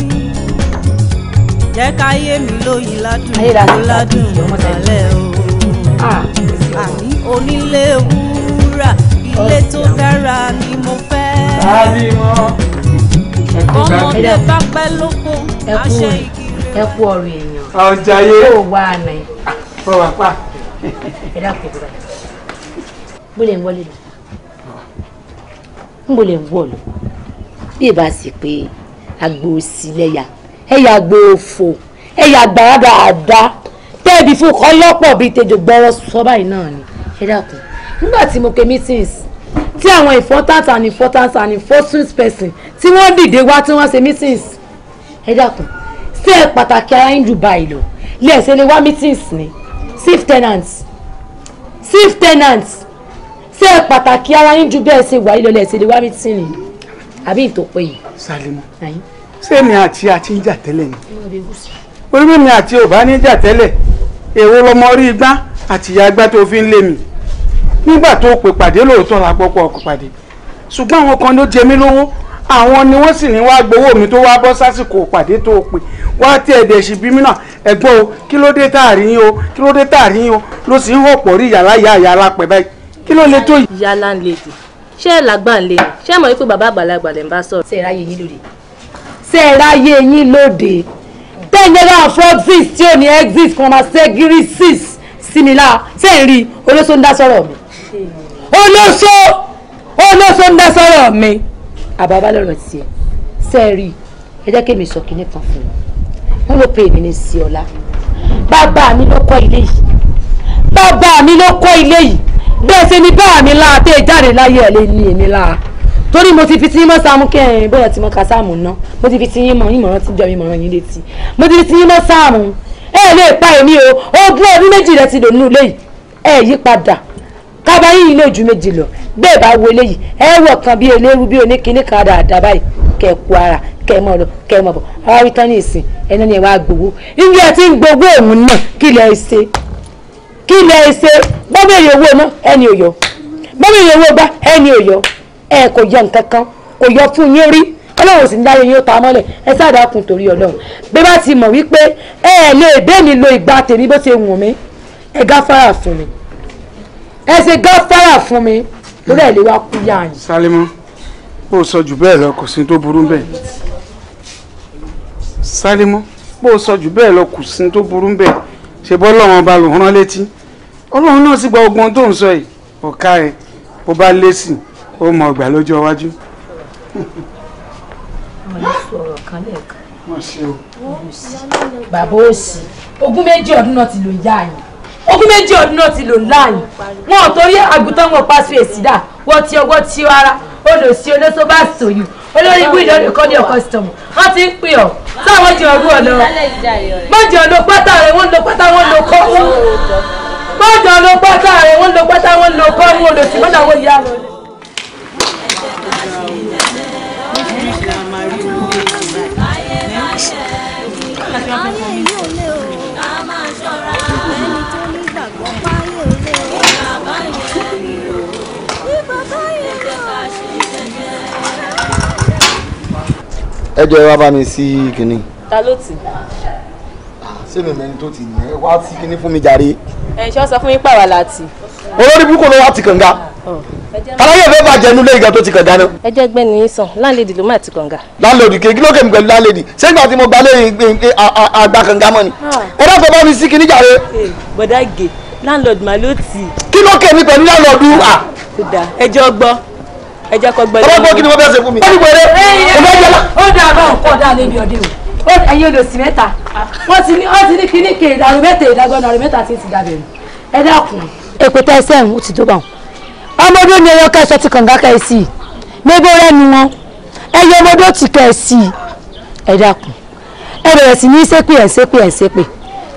jẹ́ ká yé mi lóyìn ládùn tó ládùn kálẹ̀ o. Ah. àní onílé wúrà ilé tó dára ni mo fẹ́. sáàbì wọn. ọmọdé bá pẹ́ lóko àṣẹ igi ẹ kú ọ̀rọ̀ èèyàn. ọjà yé. yóò wá àná. fọwọ́ pa. ẹ dákun bó ń wọlé lọ ń bò lè ń wọ̀ lọ bí ẹ bá sì pé agbo sí lẹ́yà ẹ̀yà agbo òfò ẹ̀yà àgbàràgbà àdá tẹ́ẹ̀bì fún ọkọ̀ lọ́pọ̀ bíi tejò gbọ́rọ̀ sọ báyìí náà ni ẹ dákun nígbà tí mo pe meetings tí àwọn important and important and important person tí wọ́n dìde wá tí wọ́n ṣe meetings ẹ dákun ṣé ẹ pàtàkì ara yín jù báyìí lọ lẹ́ẹ̀ṣẹ̀ lè wá meetings ni chief tenants Safe tenants tí ẹ pàtàkì ara yín ju bẹ́ẹ̀ ṣe wà yí lọ́lẹ̀ ṣe lè wá mi tì ní àbí ìtòpẹ́ yìí. Sálímù ṣé àti àti ń jà tẹ́lẹ̀ ni orí mi àti òbá ní jà tẹ́lẹ̀ èwo lọmọ orí igbá àti ìyá igbá tó fi ń lé mi nígbà tó pè pàdé lóòótọ́ la gbọ́ ọkọ̀ pàdé ṣùgbọ́n àwọn kan ló jẹ mí lówó àwọn ni wọ́n sì ní wá gbowó mi tó wá bọ́ sásìkò pàdé tó pè wá tí ẹ̀dẹ̀ sì bí mí náà ẹ̀gbọ́n o kí ló dé táàrí yín o kí ló dé táàrí yín o ló sì ń hòpò rí ìyàlá ìyá ìyá alápẹ̀ báyìí kí ló le tó yìí. ìyá láńlẹ́dì ṣé ẹ̀ làgbà ń lé ni ṣé ẹ̀ mọ̀ wípé bàbá àgbàlagbà lè ń bá sọ̀rọ̀. ṣe ráyè yín lóde. ṣe ráyè yín lóde. ten naira tí ò ní exist kan máa ṣe gírí six sí mi láà ṣe ń rí olóṣó ń dá sọ̀rọ̀ mi. olóṣó olóṣó ń dá sọ̀rọ̀ mi. àbábá lọ̀rọ̀ tiẹ̀ ṣe rí ẹ jẹ́ kémi sọ kinní kan fún mi wọ́n ló pe èmi ní sí bàbá mi ló kọ́ ilé yìí bàbá mi ló kọ́ ilé yìí bẹ́ẹ̀ ṣe ni bá mi láà tẹ́ jáde láyé ẹ̀ lé ní èmi láà torí mo ti fi tí yín mọ́ sáàmù kẹrin bọ́ọ̀lù tí mo ka sáàmù ná mo ti fi tí yín mọ́ ìmọ̀ràn tí jọ̀ọ́ ìmọ̀ràn yín létí mo ti fi tí yín mọ́ sáàmù ẹ lè pa èmi o ogún ọdún méjì rẹ ti lò nínú ilé yìí ẹ yí padà kábà yín ilé ojú méjì lọ bẹ́ẹ̀ bá wo eléyìí ẹ wọ̀ kan bí eléwu bí oníkíní kan dáadáa báyìí kẹ kú ara kẹ mọ lọ kẹ mọ bọ ara wí ní ìsìn ẹni ni ẹ wá gbowó ilé ẹ ti ń gbowó òun náà kí ilẹ̀ ẹ ṣe kí lẹ ṣe bọ́ béèrè owó ná ẹni ò yọ bọ́ béèrè owó gbá ẹni ò yọ ẹ kò yọ nǹkan kan kò yọ fún yín rí ọlọ́run sì ń dáyé yín ta mọ́lẹ̀ ẹ sáàdá kun torí ọlọ́run bí bá ti mọ̀ wípé ẹ lè bẹ́ẹ̀ ni lo ìgbà tèmi bó ṣe wù mí ẹ gáfárà fún mi ẹ ṣe gáfárà fún mi lórí ẹ̀ lè wá kú yá yín. Sálímọ́ bó o sọ jù bẹ́ẹ̀ lọ kò sí tó burú bẹ́ẹ̀ Sálímọ́ bó o sọ jù bẹ́ẹ̀ lọ kò sí tó burú bẹ́ẹ̀ ṣe bọ́ lọ́wọ́n ba lòun rán létí ọlọ́run náà sì gba ogun tó ń sọ yìí ọ̀ka ẹ̀ ó bá lẹ́sìn ó mọ ọgbà lọ́jọ́ iwájú. bàbá òsì ogún méjì ọdún náà ti lò yá yìí ogún méjì ọdún náà ti lò láàyè wọn ò torí àgùntàn wọn pàṣẹ èsìdá wọn ti ọgbọ́n tí ó ara olùsí olóso bá sòyún olórí ibú ìdánwò kọ́ ní ọkọ̀ sítọ̀mù wọ́n ti ń pè ọ́ sáwọn jẹ ọdún ọ̀nà wọ́n jẹ ọ̀nà pátá rẹ̀ wọ́n lo pátá wọ́n lo kọ́. Bọ́ọ̀dù ló pátá rẹ̀, wọ́n lo pátá, wọ́n lo kọ́ọ̀rù, wọ́n lo sí pátá, wọ́n lọ. ẹ jọ wá bá mi sí kinní. ta ló ti. Ah, ṣé mẹ́ni tó ti ní wá sí kinní fún mi jàre ẹ ṣe ọ sọ fún yín pàwọ́ láti. olórí burúkú ló wá ti kànga tàlàyé ìfẹ́ bàjẹ́ nulẹ̀ ìgbà tó ti kànga náà. ẹ jẹ́ gbẹ́ni yín sàn láńlẹ́dì ló máa ti kànga. láńlẹ́dì kí ló kẹ́mi pẹ̀lú láńlẹ́dì ṣé ìgbà tí mo gbalẹ̀ àgbà kànga mọ́ ni. ẹ dákun bá mi sí kíní jàre. bọ̀dá gè láńlọ́ọ̀dù máa ló tì. kí ló kẹ́mi pẹ̀lú láńlọ́ọ̀dù à. ẹjọ́ gbọ́ ẹjọ́ kọ gbọ́. ọlọ́gbọ́n kí ni mo fẹ́ ṣe fún mi. ó ní wẹ̀rẹ̀ ó bá jẹ́ lá. ó dà ẹ̀yin olòsì mẹ́ta wọ́n ti ní wọ́n ti ní kíní kè ìdàrú mẹ́ta ìdàgbọ́n ìdàrú mẹ́ta ti ti dàbẹ̀rù ẹ dákun. èpè tẹ ẹsẹ̀ ń ti dóbà ọmọ ọdún ni ẹyọ kẹsọ ti kànga kẹ sí i mébó rẹnu wọn ẹyọ ọmọ ọdún ti kẹ sí i ẹ dákun ẹ bẹ̀rẹ̀ sí ní sépè ẹ̀ sépè ẹ̀ sépè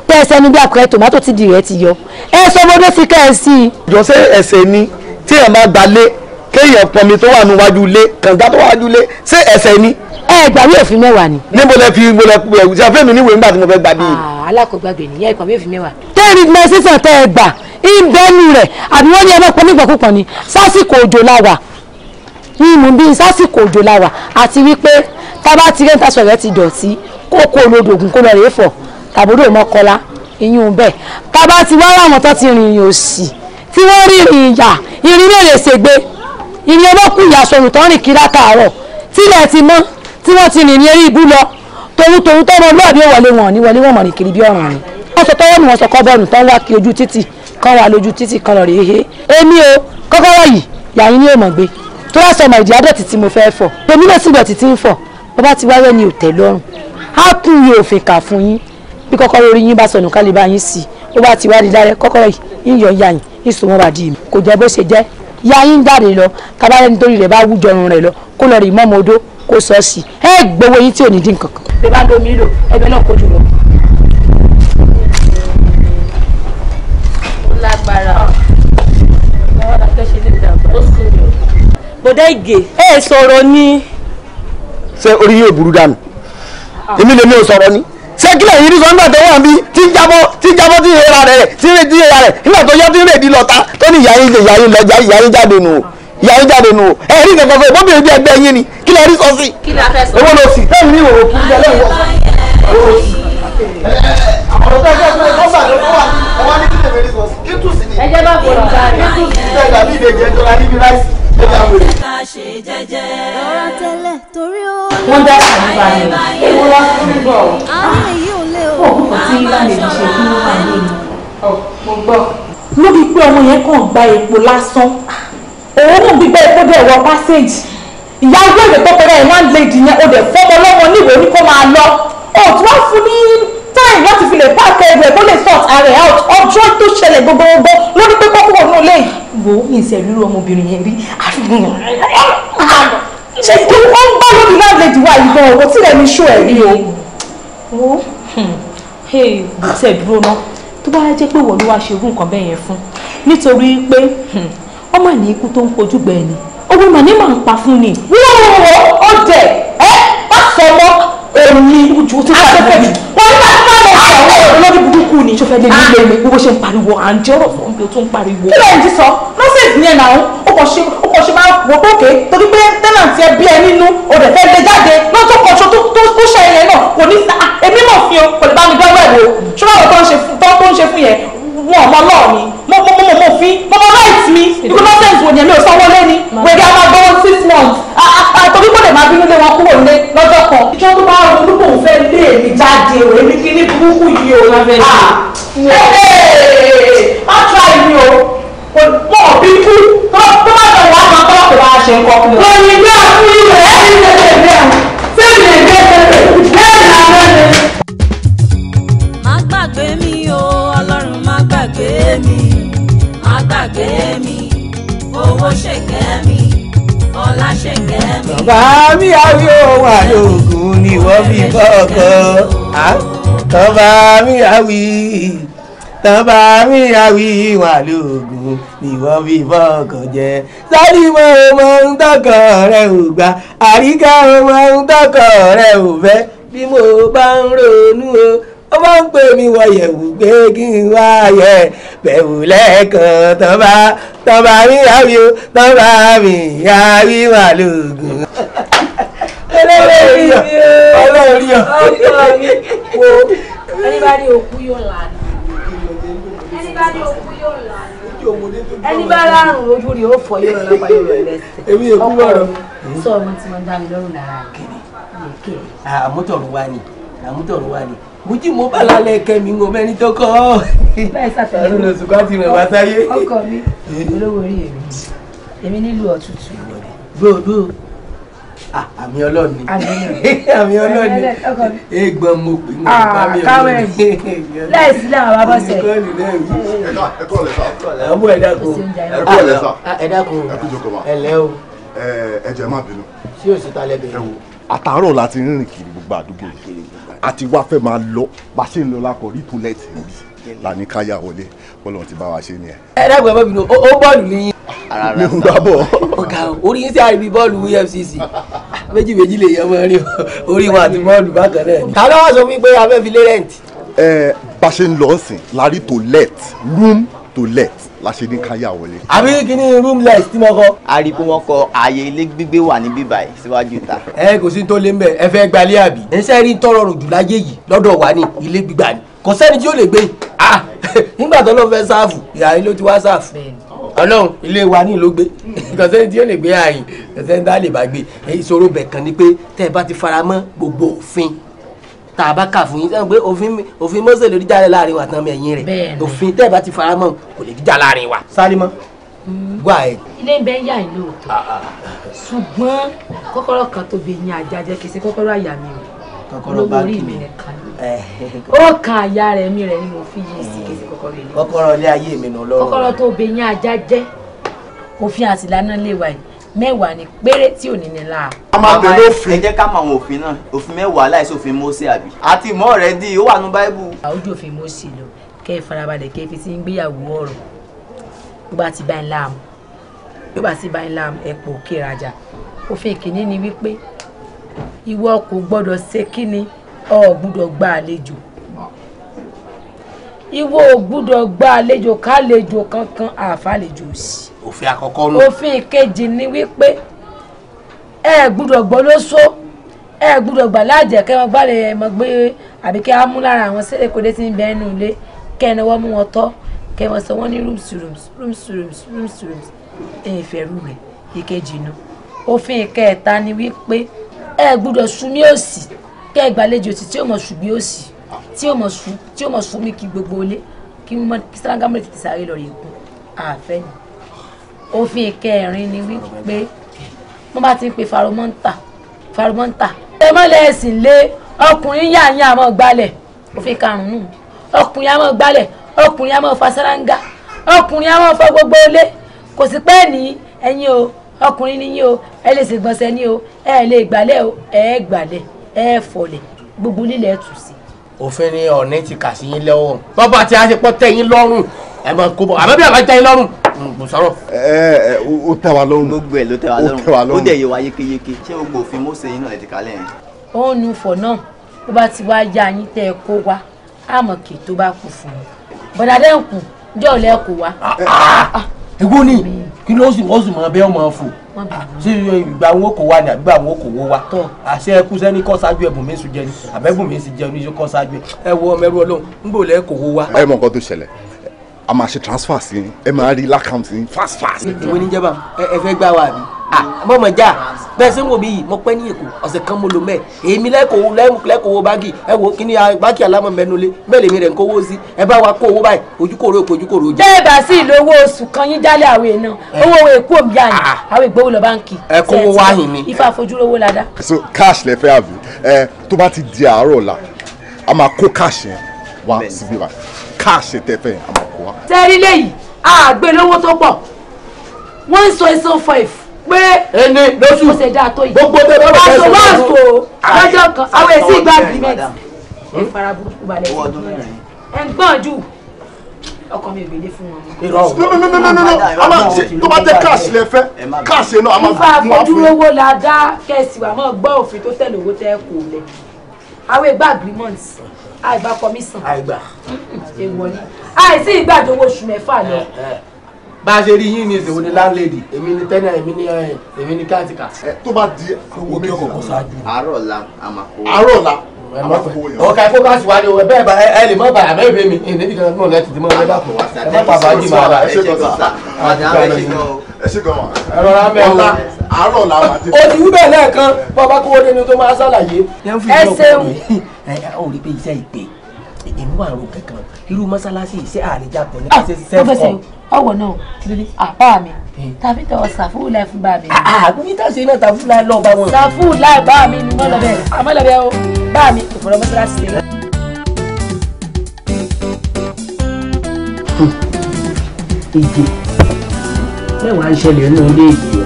tẹ ẹsẹ̀ níbi àkùrẹ́ tòmátò ti di rẹ̀ ti yọ ẹ sọ ọmọ ọdún ti kẹ sí i. ìjọsẹ ẹsẹ ni tí èèyàn bá gbalé kéèyàn pọnmi tó wà níwájú ilé kànga tó wà níwájú ilé ṣé ẹ̀ṣẹ̀ ni. ẹ gbàgbé òfin mẹ́wàá ni. níbo lẹ fi níbo lẹ kú ẹ ṣe àfẹ́ níwèé nígbà tí mo fẹ́ gbà bí. Ah, alákòógbàgbé ni ẹ gbàgbé òfin mẹ́wàá. tẹ́rì mọ sísan tẹ́ ẹ gbà ìbẹ́nu rẹ̀ àbí wọ́n ní ẹ mọ̀ pọ̀ ni sásìkò òjò la wà ní mú bí sásìkò òjò la wà àti wípé tábà tí rẹ́ńtà sọ̀rẹ́ ti dọ̀tí kókó olódògùn kó lọ rèé fọ̀ tàbódò mọ́kọlá ìyún bẹ́ẹ̀ tábà tí wọ́n ráwọn tó ti rìnrìn rí ìrìn ìyà ìrìn lè lè ṣègbè ìní olókùn ìyàsọ̀rù tán rìn kí látàárọ̀ tílẹ̀ ti mọ́ tí wọ́n ti rìn ní eré ibú lọ torutoru tọrọ olóòbí wọlé wọn ní wọlé wọn mọ̀rìn kiri bí ọ̀ràn ni wọ́n sọ tọwọ́ nù wọ́n sọ kọ́bọ̀nù tán wá kí ojú títì kan wà lójú títì kan lọ rèé èmi o kọ́kọ́rọ́ yìí yàyín ní èèmọ̀ gbé tó wá sọ ọmọ ìdí adọ̀tí tí mo fẹ́ fọ̀ èmi náà sì dọ̀tí tí ń fọ̀ bàbá ni òtẹ́ lọ́rùn á kún yìí òfin kà fún yín bí kọ́kọ́rọ́ orí yín bá sọnù kálíbá yín sí i ó bá ti ya yín jáde lọ kábàárẹ̀ nítorí rẹ̀ bá wújọ ọrùn rẹ̀ lọ kó lọ rí mọ́mọ́ odó kó sọ sí ẹ gbowó yín tí ò ní dín kankan. bí bá domi lò ẹgbẹ́ náà kojú lọ. ó lágbára bọ̀dá ìgè ẹ sọ̀rọ̀ ni. ṣé orí yóò burú dànù ah. èmi lèmi ò sọ̀rọ̀ ni sẹ́kílẹ̀ yìí ní sọ́ńdà tó wà bí tí jábọ́ tí jábọ́ tí ìhera rẹ̀ tí ìhera tí ìhera rẹ̀ nígbà tó yọ tí ìhera ìdílọ́ta tó ní ìyá yín ìyá yín lọ́jà ìyá yín jáde nù ìyá yín jáde nù ẹ rí nǹkan fún ìbọ́bìnrin bí ẹgbẹ́ yín ni kí lẹ rí sọ sí. owó lọ sí lẹ́yìn ní òwò kú lẹ́yìn wọ. ẹ jẹ́ bá bọ̀ lọ́ta rẹ̀ ká ṣe jẹ́jẹ́. lọ́ra tẹ́lẹ̀ torí ó. wọ́n dá sàmúbà ni ewu wá fún bọ̀. àánú èyí ò lè o. òkú kò tí ń bá lè ṣe kí wọ́n bá lè ní. mo gbọ́. lóbi pé ọmọ yẹn kàn gba epo lásán òórùn gbígbẹ epo dẹ̀ wọ passage ìyá ọgbẹ́ ìrètọ́kọ̀rẹ́ ẹ̀ one lady yẹn o dẹ̀ fọ́mọ lọ́mọ níwèé ní kó máa lọ òtún wá fún ní time láti fi lè páàkì ẹrù ẹ̀ kó lè sort ààrẹ out ọjọ́ tó ṣẹlẹ̀ gbogbo gbogbo ló ní pé kókó wọnú ilé yìí. wo mi ìṣe ríro ọmọbìnrin yẹn rí àfihàn ṣe pé wọ́n ń bá lóbi náà lè dìwà ìbọn owó tí lẹ́ni ṣó ẹ̀ rí o. wo hmm. ìṣe dúró náà tó bá jẹ́ pé wọ́n ló wá ṣe irú nǹkan bẹ́ẹ̀ yẹn fún nítorí pé hmm, ọmọ ní ikú tó ń kojú gbẹ̀ẹ́ ni owó màní máa ń pa fún ni. wọ́n wọ́n wọ́n ó dẹ̀ ẹ́ bá sọ mọ́ omi ojú tí wọ́n fẹ́ jù wọ́n ní bá tó lọ sọ ọ́ olórí burúkú ni tó fẹ́ lé nílé mi ah. bó ṣe ń pariwo à ń jẹ́ ọ̀rọ̀ fún mi tó ń pariwo. kí ló ń ti sọ nọ́sẹ̀sì ni ẹ̀nà òun ó kọ̀ ṣe ó kọ̀ ṣe máa wọ bókè torí pé tẹ́nàntì ẹ bí ẹ nínú o dẹ̀ fẹ́ gbé jáde náà tó kọ̀ṣọ́ tó ṣe ẹ̀yẹ náà kò ní sa ah, èmi mọ̀ fi hàn kò lè bá mi wọn ọmọ lọ́ọ̀ mi mo mo mo mo fi mo mo right mi ikú nọ́sẹ̀nsì wò ni èmi ò sanwó lé ni wèrè àwọn agbọ́wọ́ six months àtọ́bí kò lè máa bínú lé wọn kúrò lé lọ́jọ́ kan. ìjọ tó bá wọn olúkọ òun fẹ́ lé èmi jáde o èmi kì burúkú yìí o. má tra èmi o mo ò bí kú tó bá tọ̀ wá máa tọ́ kò bá a ṣe ń kọ́ kúlẹ̀. wọ́n ní bí a kú ilẹ̀ ẹ̀ ń tẹ̀lé ẹ̀ ń tẹ̀lé ẹ̀ ń tẹ̀lé ẹ̀ ń tẹ̀lé ẹ̀ ń tẹ̀lé ẹ̀ ń tẹ̀lé ẹ̀ ń tẹ̀lé ẹ̀ ń tẹ̀lé ẹ̀ ń tẹ̀lé ẹ̀ ń tẹ̀lé ẹ̀ ń tẹ̀lé tẹ̀lé ẹ̀ ń tẹ̀lé tẹ̀lé ẹ̀ ń tẹ̀lé tẹ̀lé ẹ̀ ń tẹ̀lé tẹ̀lé ẹ̀ ń tẹ̀lé tẹ̀lé ẹ̀ ń tẹ̀lé tẹ̀lé ẹ̀ ń tẹ̀lé tẹ̀lé ẹ̀ ń tẹ̀lé tẹ̀lé ẹ̀ ń tẹ̀lé tẹ̀lé ẹ̀ ń tẹ̀lé tẹ̀lé ẹ̀ ń tẹ̀lé tẹ̀lé ẹ̀ mi má gbàgbé mi owó ṣèkẹ́ mi ọlá ṣèkẹ́ mi. bàbá mi ayé ohun àlòògùn ni wọ́n fi kọ́ ọkọ tọ́ba mi àwí tọ́ba mi àwí wà lóògùn ni wọ́n fi fọ́ọ̀kọ̀ jẹ. sáré mọ ọmọ ń tọkọ rẹ ò gbà àríkà ọmọ ń tọkọ rẹ ò fẹ́ bí mo bá ń ronú o ó máa ń pè mí wọ yẹ̀wù pé kí n wá yẹ bẹ̀wù lẹ́ẹ̀kan tán bá tán bá mi yáwí o tán bá mi yáwí wà lóògùn. olórí mi olórí ọkọ mi wo ẹni bá ní òkú yóò lànà ẹni ẹni bá lárùn ojú rẹ̀ ó fọ yóò lọ́pàá yóò rẹ̀ lẹ́sẹ̀ ọkọ sọ ọmọ tí wọ́n dá mi lọ́rùn náírà kiri. àmútọ̀rù wa ni àmútọ̀rù wa ni mojí mo bá lálẹ́ kẹ́mi mo mẹ́ni tó kọ́ ọ́ ọdún oṣù kan ti rìn wá sáyé. mi eh? olówó orí èmi èmi nílùú ọ̀tútù. gbòògbò àmì ọlọ́run ni àmì ọlọ́run ni eégbọn eh, mo pè mo bá ah, mi ọlọ́run ni láìsí làwọn bá bọ́ sẹ́. ẹ̀kọ́ ẹ̀dá kò ẹ̀dá kò ẹ̀lẹ́ o. ẹ̀jẹ̀ má bínú. sí òsì ta lẹ́bẹ̀ẹ́. àtàárọ̀ la rìnrìn kiri gbogbo àdúgbò àti wá fẹ́ máa lọ bá ṣe ń lọ lákọ̀ rí tòlẹ́tì rí lànà káyà wọlé bọ́lọ̀ ti bá wa ṣe nìyẹn. ẹ dàgbà bọ́ọ̀lù ni ó bọ́ọ̀lù ni. mi ò gbá bọ̀. ọ̀gá orí yín sí àìrí bọ́ọ̀lù EFCC méjì méjì lè yẹ wọ́n rí orí wọn àti bọ́ọ̀lù bákan náà ni. kálọ́ wà sọ fún mi pé a fẹ́ fi lé rẹ́ǹtì. ẹ bá ṣe ń lọ sìn lárí tòlẹ́tì room to let la ṣe ní káyà wọlé. àbí kíní roomless tí mo kọ. a rí i pé wọ́n kọ ààyè ilé gbígbé wà ní bíbá yìí síwájú ta. ẹ kò sí tó lé mbẹ ẹ fẹ́ gbalẹ àbí. ẹ sẹ́ rí tọrọ rò jù láyé yìí lọ́dọ̀ wa ní ilé gbígbà ni kò sẹ́ni tí ó lè gbé nígbà tó lọ fẹ́ sáàfù ìyá yín ló ti wá sáàfù ọlọ́run ilé wa ní ìlógbé hmm. kò sẹ́ni tí ó lè gbé àyìn kò sẹ́ni tá a lè bá gbé ìṣòro bẹ̀ kàn ni pé tẹ́ tá a bá fún yín sẹ́wọ̀n pé òfin òfin Mósè lè láàrin wa tán ẹ̀yìn rẹ̀ òfin tẹ́ ẹ bá ti fara kò lè díjà láàrin wa. sálímọ́ gbọ́ hmm. àyè. ilé ń bẹ yà yín lóòótọ́ ah, ah. ṣùgbọ́n kọ́kọ́rọ́ kan tó bẹ yín ajá jẹ́ kì ṣe kọ́kọ́rọ́ àyà mi o kọ́kọ́rọ́ báàgì mi ó kan àyà rẹ̀ mi rẹ̀ ni mo fi yí sí kì ṣe kọ́kọ́rọ́ ilé. kọ́kọ́rọ́ ilé ayé mi nù lọ́rùn. kọ́kọ́rọ́ tó bẹ yín ajá jẹ́ òfin àtìlánà lè wà mẹ́wàá ni péré tí ò ní ní la. a máa tẹ̀lé òfin. ẹ jẹ́ ká mọ àwọn òfin náà òfin mẹ́wàá láìsí òfin Mósè àbí àti ìmọ̀ rẹ̀ di ó wà ní báíbù. àwùjọ òfin Mósè lọ kẹ́ ẹ farabalẹ̀ kẹ́ ẹ fi sí ń gbéyàwó ọ̀rọ̀ bó bá ti bá ń láàmú bó bá ti bá ń láàmú ẹ̀pọ̀ òkè òfin kìíní ni wípé ìwọ kò gbọ́dọ̀ ṣe kíni o gbọ́dọ̀ gba àlejò ìwọ ò gbúdọ̀ gba àlejò kálejò kankan àfàlejò sí. òfin àkọ́kọ́ nù. òfin ìkejì ni wípé ẹ gbúdọ̀ gbọ́ lóso ẹ gbúdọ̀ gbà láàjẹ́ kẹ́ wọ́n gbàlẹ̀ ẹ mọ̀ gbé àbí kẹ́ á mú lára àwọn sẹ́lẹ̀kọ́dé tí ń bẹ ẹnu ilé kẹ́ ẹ náwó mú wọn tọ́ kẹ́ wọ́n sọ wọ́n ní rooms rooms rooms rooms rooms rooms èyí fẹ́ rú rẹ̀ ìkejì nù. òfin ìkẹta ni wípé ẹ gbúdọ̀ sunmí òsì kẹ́ ẹ gbàlejò títí ò mọ̀ ṣùgbí òsì tí ó mọ̀ sùn tí ó mọ̀ sùn mí kí gbogbo ilé kí mọ kí sálágámù lè tètè sáré lọ rè kú àfẹ́ ni òfin ìkẹrin ni wípé wọ́n bá ti ń pe faromọ́ntà faromọ́ntà tẹmọ́lẹ̀ ẹ̀sìn lé ọkùnrin yàyàn àmọ́ gbalẹ̀ òfin karùn-ún ọkùnrin àmọ́ gbalẹ̀ ọkùnrin àmọ́ fa sálángà ọkùnrin àmọ́ fa gbogbo ilé kò sí pé ní ẹ̀yin o ọkùnrin ni yín o ẹ lè ṣègbọ̀nsẹ̀ ní o ẹ lè gbálẹ̀ o ẹ gbálẹ̀ ẹ fọlẹ̀ gbogbo lílẹ̀ tù sí òfin ni ọ̀nẹ́ ti kà sí yín lọ́wọ́ bọ́bá tí a ṣe pọ́ tẹ́ yín lọ́rùn ẹ máa kó bọ̀ àmọ́ bí àbá tẹ́ yín lọ́rùn kò sọ̀rọ̀. ẹ ẹ o tẹ́ wa lọ́rùn gbogbo ẹ ló tẹ́ wa lọ́rùn ó dẹ̀ yé wa yékéyéké ṣé gbogbo òfin Mósè yín náà lè ti kalẹ̀ yẹn. ó nu fọ̀ náà tó bá ti wá yá yín tẹ́ ẹ kó wa àmọ́ kì í tó bá kù fún un bọ̀dà dẹ́kun jẹ́ òlẹ́kùn wa. Ah, ah, ah. ègbó ni kí ló sì mọ́ sùn mọ́ bẹ́ẹ̀ mọ́ fò sí ìgbà àwọn okò wa ni àgbà àwọn okò wo wa àṣẹ ẹkú sẹni kọ ṣáájú ẹbùn mi sùn jẹ ni àbẹbùn mi sì jẹ ni yóò kọ ṣáájú ẹ wọ ọmọ ń bò lẹ kò wo wa. ẹ mọ nǹkan tó ṣẹlẹ̀ a máa ṣe transfer sí ẹ máa rí lákàntì fast fast. ìwé níjẹba ẹ fẹ́ gbá wa àbí. Ah, mọ̀mọ́ já bẹ́ẹ̀ sẹ́wọ̀n mi yìí mo pẹ́ ní èkó ọ̀sẹ̀ kan mo lò mẹ́ èmi lẹ́kọ̀ọ́ lẹ́kọ̀ọ́ báàgì ẹ wo kí ni báàgì alámọ̀ mẹ́nulé bẹ́ẹ̀ lèmi rẹ̀ ń kówó sí ẹ bá wa kó owó báyìí ojúkòrò èkó ojúkòrò ojú. bẹ́ẹ̀ bá sì lo owó oṣù kan yín jálẹ̀ àwọn èèyàn eh. owó owó èkó mi yá yín ah. àwọn ìgbówó lọ báńkì. ẹ kówó wá yín ni. ifá afojúlówó lada. so cash lẹ fẹ́ àbí ẹ tó bá ti di àárọ̀ ọ̀la a máa kó cash yẹn wá síbí wa cash tẹ fẹ́ yẹn a máa kó wá. sẹ́rí lẹ́yìn àgbélówó tó pọ̀ wọ́n ń five pé ẹni lóṣù gbogbo tẹ bá bẹ̀rẹ̀ sọ wáṣọ lọ́jọ́ kan àwọn èsì ìgbà agreement ẹ balẹ̀ ẹ ń gbọ́n jù ọkọ mi ò gbèdé fún wọn. no no no a máa ṣe tó bá jẹ káàsì lẹ fẹ káàsì náà a máa fún wa fún. nfa àfojúrówó la dá kẹsì wa máa gbọ́ òfin tó tẹ̀lé owó tẹ́ kò lẹ àwọn ìgbà agreement àìgbà commission àìgbà èèwọ̀ ni àìsí ìgbà àjọwọ́ oṣù mẹ́fà lọ eh, eh bá a ṣe rí yín ní ìsìn òní láńlẹ́dì èmi ní tẹ́nà èmi ní eh, èmi ní káàtìkà. tó bá di owó méjì ọkọ̀ ṣáájú. àárọ̀ la àmàkó. àárọ̀ la àmàkó yẹn. ọ̀ka ẹ̀kọ́ bá ṣùwádìí ọ̀rẹ́ bẹ́ẹ̀ bá ẹ lè mọ́ bá àmọ́ ìfẹ́ mi ìní bí kankan náà ti mọ́ ẹ bá kọ̀ wá. ẹ má pàpà jì máa bá ẹ ṣe kọ́ sà. ẹ ṣe kọ́ ẹ rọra bẹ́ẹ̀ la àárọ̀ la wà dé. o ti wí bẹ́ẹ̀ lẹ́ẹ̀kan bàbá kówó dénú tó máa ṣàlàyé. ẹ ṣeun. ẹ ò rí pé iṣẹ́ ìpè èmi wà rò kankan irú mọ́ṣáláṣí iṣẹ́ àríjà kan ní ọwọ náà àpá mi tàbí tọ sàfù láì fún bá mi. Ah, àbí tá a ṣe iná tàfù láì lọ bá wọn. sàfù láì bá mi ni mo lọ bẹ àmọ́ lọ bẹ o bá mi ìfọ̀rọ̀ mọ́tíráṣí lè. ìdè mẹ́wàá ń ṣẹlẹ̀ nínú ilé ìgbìyànjú.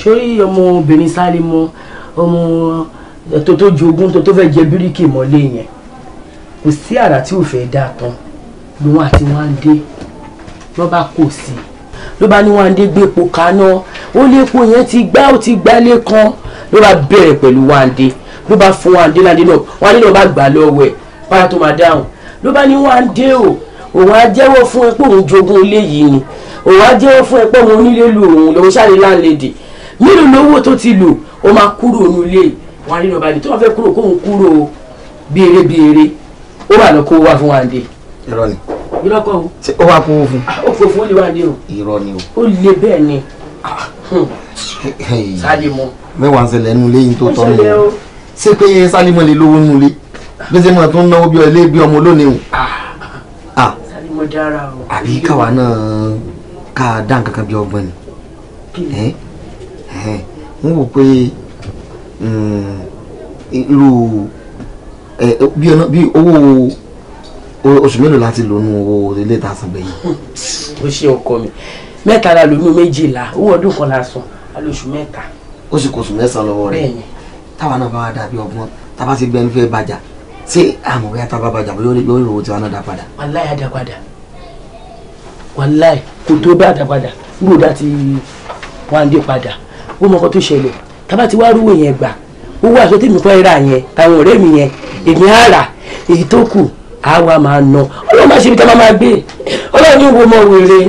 sórí ọmọbìnrin sáré mọ ọmọ tó tó jogún tó tó fẹ́ jẹ bíríkì mọ́lé yẹn kò sí àrà tí ò fẹ́ dáa tán lòun àti wáńdé ló bá kò sí ló bá ní wáńdé gbé epo kaná ó lé epo yẹn ti gbá ó ti gbálé kan ló bá bẹ̀rẹ̀ pẹ̀lú wáńdé ló bá fún wáńdé láńdé náà wáńdé náà bá gbà lọ́wọ́ ẹ̀ pátá tó máa dáhùn ló bá ní wáńdé o òun á jẹ́wọ́ fún ẹ pé òun jogún ilé yìí ni òun á jẹ́wọ́ fún ẹ pé òun onílé lu òun lòun ṣáde láńlẹ́dẹ̀ nínú lówó tó ti lò ó máa kúrò nílé wáńdé náà bá ní tó wọ́n fẹ́ kúrò kóun kúrò béèrè béèrè ó wà lọ kó wá fún wáńdé irọ́ ni. irọ́ kọ́ o. ṣé ó wá kó fún. Ah, ó fò fún olè wa ni o. irọ́ ni o. ó le bẹ́ẹ̀ ni. Ah. Hmm. sálímù. mẹ́wàá ń ṣẹlẹ̀ nínú ilé yìí tó tọ́ mi o. ṣé pé sálímù lè lówó nínú ilé bẹ́sẹ̀ mọ̀ tó ń náwó bí ọlé bí ọmọ lónìí o. Ah. sálímù dára o. àbí káwa náà ká dá nǹkan kan bí ọgbọ́n ni. n wò pé mm, irú bí owó oṣù mélòó láti lò nù owó ilé ìtasan gbẹ̀yìn. ó ṣe ọkọ mi mẹ́ta la lò nù méjìlá owó ọdún kan la sọ alóṣù mẹ́ta. ó sì kó oṣù mẹ́sàn-án lọ́wọ́ rẹ̀ táwa náà bá wá dàbí ọgbọ́n tábà ti gbẹnu fẹ́ bàjá ṣé àmọ̀ bóyá tábà bàjá bóyá ó lè gbé owó tiwa náà dá padà. wàláì àdá padà wàláì kò tó bá àdá padà níbo dá ti wáńdé padà ó mọ ọkọ tó ṣẹlẹ̀ tábà ti wá a wá máa nà ọlọ́run máa ṣe ibi tá a máa gbé ọlọ́run ní wo ọmọ wèrè.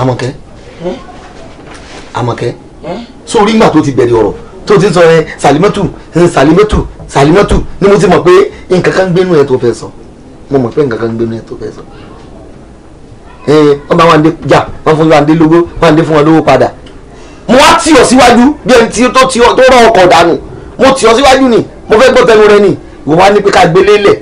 Àmọ̀kẹ́ Àmọ̀kẹ́ sórí ìgbà tó ti bẹ̀rẹ̀ ọ̀rọ̀ tó ti sọ yẹn Salimatu Salimatu Salimatu ni mo ti mọ̀ pé nǹkan kan gbénu ẹ̀ tó fẹ́ sọ mo mọ̀ pé nǹkan kan gbénu ẹ̀ tó fẹ́ sọ wọ́n bá wọn dé jà wọ́n fún wọn dé lógo wọ́n dé fún wọn lówó padà mo wá tì ọ́ síwájú bí ẹni tí tó tì ọ́ tó rọ ọkọ̀ dànù mo tì ọ́ síwájú ni mo fẹ́ gbọ́ tẹnu rẹ ni ìwọ wá ní pé ká gbélé lẹ̀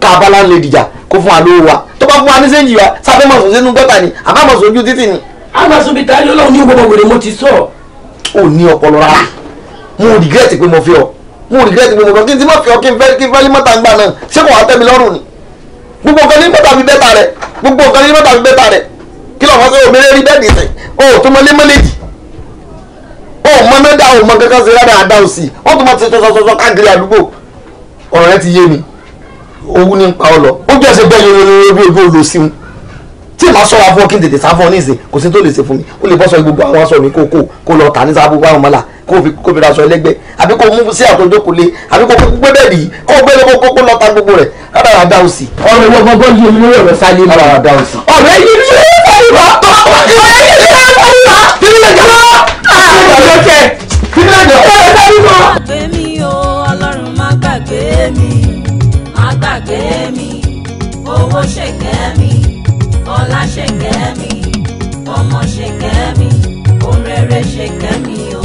ká bá láńlẹ̀ dìjà kó fún wa lówó wa tó bá fún wa ní sẹ́yìn wa sábẹ́ mọ̀ sùn sínú gọ́tà ni àbá mọ̀ sùn ojú títì ni. a máa sún bí táyọ̀ lọ́wọ́ ní gbogbo wèrè mo ti sọ. ò ní ọpọlọ mo regret pé mo fi mo regret pé mo fi ọ kí n ti mọ̀ fi ọ kí n fẹ́ kí n fẹ́ lé mi ni gbogbo nǹkan ní bàtà fi bẹ́ta rẹ̀ gbogbo nǹkan ní bàtà fi bẹ́ta rẹ̀ kí lọ́wọ́ sọ òmìnira rí bẹ́ẹ̀ nìsẹ̀ o tó mọ lé mọ́lẹ́jì ò mọ kankan ṣe rárá àdá òsì wọ́n tún máa ti sọ́sọ́sọ́ káàkiri àdúgbò ọ̀rọ̀ ti yé mi owó ní pa ọ lọ ó jẹ́ ṣe bẹ́ẹ̀ yẹn bí ojú olò sí un tí màá sọ̀rọ̀ fún kí n tètè sá fún ọ kò sí tó lè ṣe fún mi ó lè bọ́ sọ gbogbo àwọn aṣọ mi kó kó kó lọ tà ní sábà gbogbo àwọn mọ́là kó fi kó fi raṣọ ẹlẹ́gbẹ́ àbí kó mú sí àtọ́jọ́ kò le àbí kó gbé bẹ́ẹ̀ nìyí kó gbé lọ́kọ́ kó kó lọ ta gbogbo rẹ̀ rárá rà dá o sí. ọ̀rọ̀ ìwọ gbọ́dọ̀ yé mi lórí ọ̀rọ̀ sálẹ̀ mi. ọ̀rẹ́ yìí ni ń bá ìwà tọ́ ọ̀rẹ́ yìí ni ó ń bá ìwà ìgbàgbọ́ ọ̀rọ̀ sáré mọ́. àgbè mi o ọlọ́run má gbàgbé mi má gbàgbé mi owó ṣèkẹ́ mi ọlá ṣèkẹ́ mi ọmọ ṣèkẹ́ mi ohun rere ṣèkẹ́ mi o.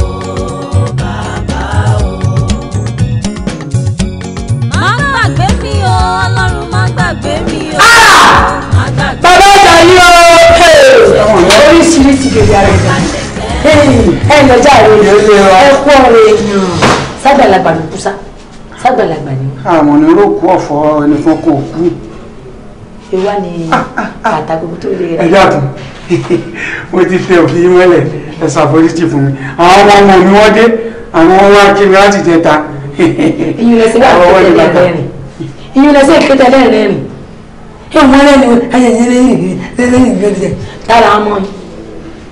bàbá o. má gbàgbé mi o ọlọ́run má gbàgbé mi o. Ah! bàbá ìdàlí o oríṣiríṣi lè ẹ lọ jáde ẹ kú ọ̀rẹ́ èèyàn ságbàlagbà ló kú sá ságbàlagbà ni. Ah, àmọ́ ni ró kú ọ̀fọ̀ ẹni fún kò kú. ìwá ni ah, ah, bàtà gbogbo tó lè rà. ẹ yàtọ̀ mo ti fẹ́ òfin mọ́lẹ̀ ẹ ṣàforíjì fún mi àwọn ọmọ mi wọ́n dé àwọn ọmọ akiri láti jẹ ta. ìyún lẹsẹ̀ wà kó tẹ̀lé ẹ̀rìn ìyún lẹsẹ̀ kó tẹ̀lé ẹ̀rìn ìwọ́n lẹ́nu ayẹyẹ lẹ́yìn lẹ́yìn lẹ́yìn lẹ́yìn tára ọmọ yìí.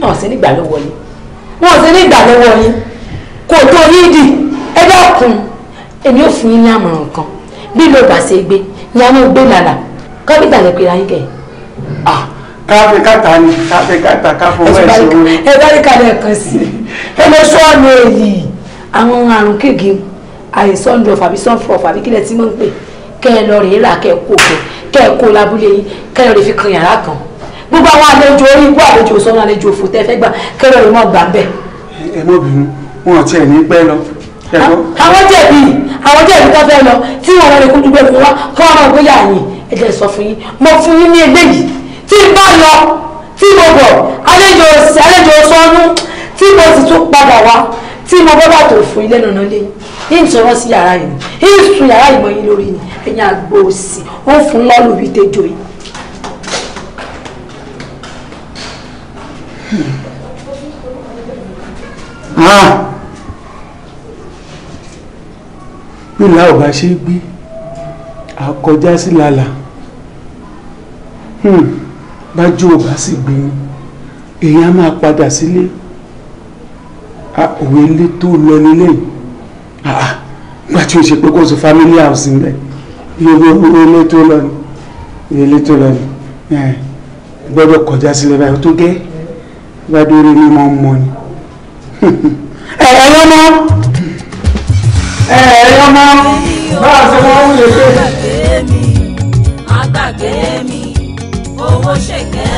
wọn sì ní ìgbà lọ́wọ́ yín wọn sì ní ìgbà lọ́wọ́ yín kò tó yín dì ẹ dákun èmi ò fún yín ní àmọ̀ràn kan bí ló bá ṣe gbé ni a máa gbé lálà kọ́mítà lè pera yín kẹ́ ẹ̀. káfí kàtà ni káfí kàtà káfọ wẹ́ẹ̀ sí orí. ẹ bá rí kalẹ̀ kan sí i ẹ lọ sọ́ọ̀nù èyí àwọn àrùn kéèké àìsàn lọ fàbí sọ́ọ̀fọ̀ fàbí kílẹ̀ tí mò ń pè kẹ́ ẹ lọ rèé rà kẹ́ ẹ kó kẹ́ ẹ kó lábúlé yín kẹ́ ẹ lọ fi kan yàrá kan gbogbo àwọn àlejò orí igbó àlejò sọnù àlejò òfò tẹ fẹ́ gbà kẹrọ rẹ mọ gbà bẹ. ẹ mọ bínú wọn ò tiẹ̀ ní pẹ́ lọ. àwọn jẹ̀bi àwọn jẹ̀bi tó fẹ́ lọ tí wọn lè kúndùn bẹ́ẹ̀ fún wa kọ́ ọmọ ìgbóyà yìí ẹ jẹ́ sọ fún yín mo fún yín ní eléyìí tí n bá lọ tí mo bọ̀ àlejò àlejò sọnù tí mo sì tún padà wá tí mo bọ́ bàtò fún ilé nànà lé yín ìtọ́rọ́ sí yàrá yìí yín ìsun yàrá ìmọ̀ yín lórí ni ẹ̀yin àgbò òsì ó fún lọ́lùbí tẹjọ yìí. Ah, ò bá ṣe é gbé àkọjá sí lálà hmm. bájú ò bá sì gbin èèyàn máa padà sílé òwe ilé tó lọ nílé nígbà tí o ṣe pé kó o sọ family house níbẹ̀ iye ilé tó lọ ni iye ilé tó lọ ni gbọ́dọ̀ kọjá sílẹ̀ báyìí tó gẹ́ bá dóore ní mọ́ mọ́ ni ẹ̀rọ mọ́ ẹ̀rọ mọ́ bá a ṣe wọ́n wúlò pé. àgbàgbé mi owó ṣèkẹ́.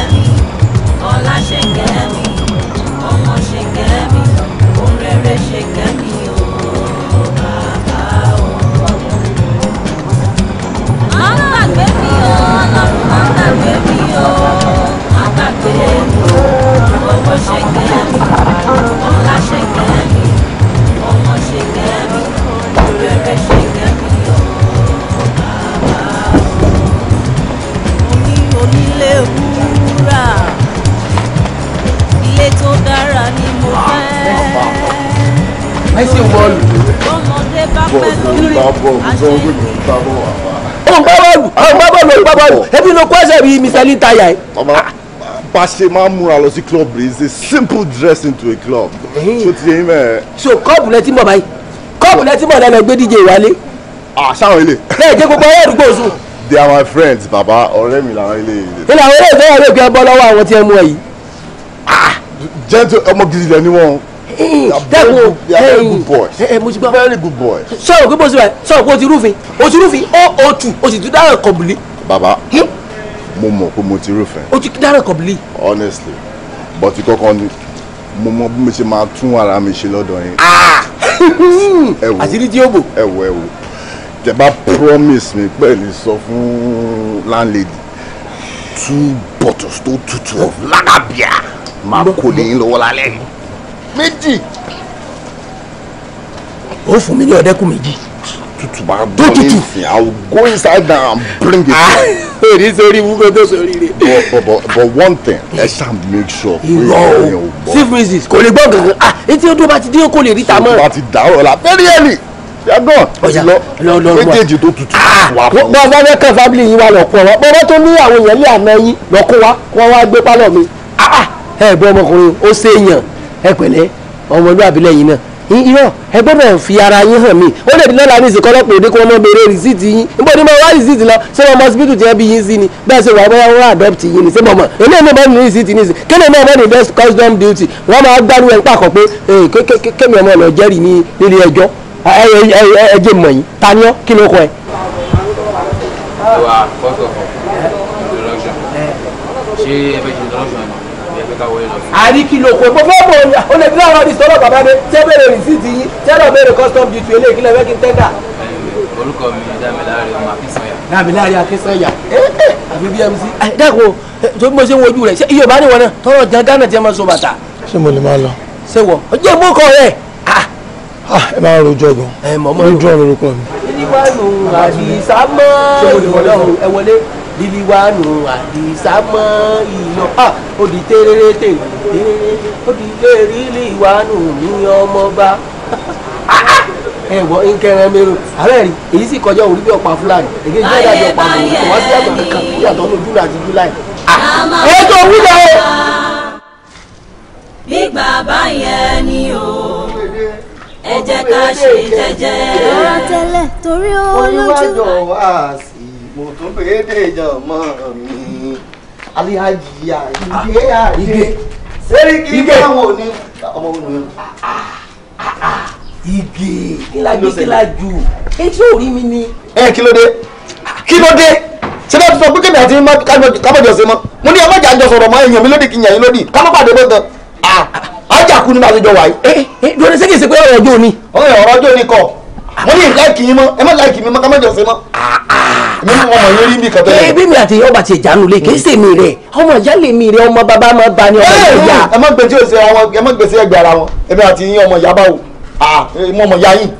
òǹkàbọ̀lù òǹkàbọ̀lù òǹkàbọ̀lù ebi ló kọ́ ẹsẹ̀ bíi mr litaya ẹ̀. bá a ṣe máa ń múra lọ sí club rẹ̀ is a simple dress into a club. tó ti yẹn mẹ́ẹ̀. so kọ́ọ̀bù lẹ ti mọ̀ báyìí kọ́ọ̀bù lẹ ti mọ̀ lẹ́nu ẹgbẹ́ díje ìwálé. àṣàwọn ilé. bẹ́ẹ̀ jẹ́ gbogbo ẹ̀rù gbòòsùn. they are my friends baba ọ̀rẹ́ mi làwọn ilé yìí. ilé àwọn ilé ìfẹ́ yàrá ìgbẹ́ bọ́ lọ́wọ́ àwọn tí ẹ mú ẹ yìí. gentle ọmọ gidi lẹ ni wọn dẹ́kun ẹ̀yìn mo ti gbọ́ very good boy. sọ̀rọ̀ pé bó ṣe wà sọ̀rọ̀ pé o ti rúfin o ti rúfin o o tù o sì tún dáhùn kọ̀bùlì. bàbá hm? mo mọ̀ pé mo ti rúfin. o ti dáhùn kọ̀bùlì. honestly but kọ́kọ́ ni mo mọ bí mo ṣe máa tún ara mi ṣe lọ́dọ̀ yín. Ah! àṣírí tí ó bò. ẹ wo ẹ promise mi pẹ̀lú sọ fún landlady two bottles tó tutù of lagabia máa kó lè yín lọ́wọ́ lálẹ́ yìí méjì. ó fún mi ní ọ̀dẹ́kùn méjì. Tutu, bá gbọ́ ní ìsìn i will go inside there and bring it. èrí sórí wúkọ tó sórí rẹ. but but but one thing ẹ ṣáà make sure. irọ́ o chief mrs kò lè gbọ́ gangan ah etí o tó bá ti dín kò lè rí ta mọ́. o bá ti dàrọ̀ la very early yàgò lọ lọ méjèèjì tó tutù ah, wà fún mi. bọ́ọ̀bá bẹ́ẹ̀ kan fábílì yìí wà lọ́kọ́ wọn bọ́ọ̀bá tó ní àwọn èèyàn lé àná yín lọ́kọ́ wa wọ́n wá gbé pálọ̀ mi ah, ah, ẹ gbọ́ ọmọkùnrin ó ṣèyàn ẹ pẹ̀lẹ́ ọmọlúwàbí lẹ́yìn náà irọ́ ẹ gbọ́dọ̀ fi ara yín hàn mí ó lè di lọ́la ní ìsìnkọ́ ọlọ́pàá òde kí wọ́n mọ béèrè rìsíìtì yín níbo ni mo wá rìsíìtì lọ ṣé wọn mọ síbítù tí wọn bí yín sí ni bẹ́ẹ̀ ṣe wà bóyá wọn àdọ́pìtì yín ni ṣé mo mọ̀ èmi èmi bá ní rìsíìtì ní ìsìn kí ni mo mọ̀ ní best custom duty wọ́n máa gbárù ẹ̀ ń pàkọ́ pé kémi ọmọ ọ̀nà jẹ́rìí ní nílé ẹjọ́ ẹjẹ mọ̀ yín ta ni ọ́ kí ló kọ ẹ. ṣé ẹ fẹ́ ṣe introduction ẹ fẹ́ àríkìlòkò gbogbo ọmọ olè tí láwọn ọdún sọlọ bàbá mi tẹ bẹ̀rẹ̀ rìsíìtì yìí tẹ lọ bẹ̀rẹ̀ custom duty eléyìí kílẹ̀ fẹ́ kí n tẹ́ndà. orúkọ mi ni Dámiláre ọmọ Akínsànyà. Dámiláre Akínsànyà eh, eh. àbí bmc. Eh, dẹ́ko tó bí mo ṣe ń wojú rẹ̀ ṣé iye òbá níwọ̀n náà tọrọ jẹ gánà tí ẹ máa so bàtà. ṣé mo lè máa lọ. ṣé wọ ọ jẹ mú kọ rẹ. Ah. Ah, ẹ máa ń rojọ́ gan. ẹ mọ̀ mọ́ bíbíwánu àdìsámọ́ ìyàn á òdì téréré tèrè téréré òdì tèrè ìwánu ní ọmọba ẹ̀wọ̀ nkẹrẹ mẹ́rin ààrẹ rí èyí sì kọjá òrí bí ọ̀pá fúlàní èyí jẹ́ ìdájọ́ ọ̀pá fúlàní kò wá sí àgbà kankan bí àtọ́ ní júlà àti júlà yìí. ètò wúlò. gbígbà báyẹn ni o ẹ jẹ́ ká ṣe jẹ́jẹ́. ìrora tẹ́lẹ̀ torí ó lójú. ó ní wájú ọ̀hún àá mo tún béèdè ìjọmọ mi alihaji ya ah, ìgbé àdé sẹ́ríkì báwo ni ọmọ òun igi kílájú kílájú etí ò rí mi ni. ẹ kí ló dé kí ló dé ṣé bá ti sọ pé kébì àti kábọ̀jọ ṣe mọ́ mo ní ọmọ ìjà àjọ sọ̀rọ̀ mọ́ èèyàn mi lódì kí yàn yín lódì ká má pàdé bó tán ọjà kú ní bá a ṣe jọ wáyé. ẹ ẹ dúró ní sẹ́kì ìsìnkú ọ̀rọ̀ ọjọ́ òní. ọ̀rọ̀ ọjọ́ òní kọ̀ wọ́n ní láìkì yín mọ́ ẹ má láìkì mi mọ́ ká má jọ̀sẹ̀ mọ́. mi mọ̀ mọ̀ yín rí mi kàtọ́ yẹn. ẹbí mi àti ọba ti ìjánu lè kí sèmi rẹ ọmọ ìyá lè mi rẹ ọmọ bàbá máa ba ni ọmọ ìyá. ẹ má gbèsè ọsẹ àwọn ẹ má gbèsè ẹgbẹ ara wọn ẹbí àti yín ọmọ ìyá báwo mọ mọ yá yín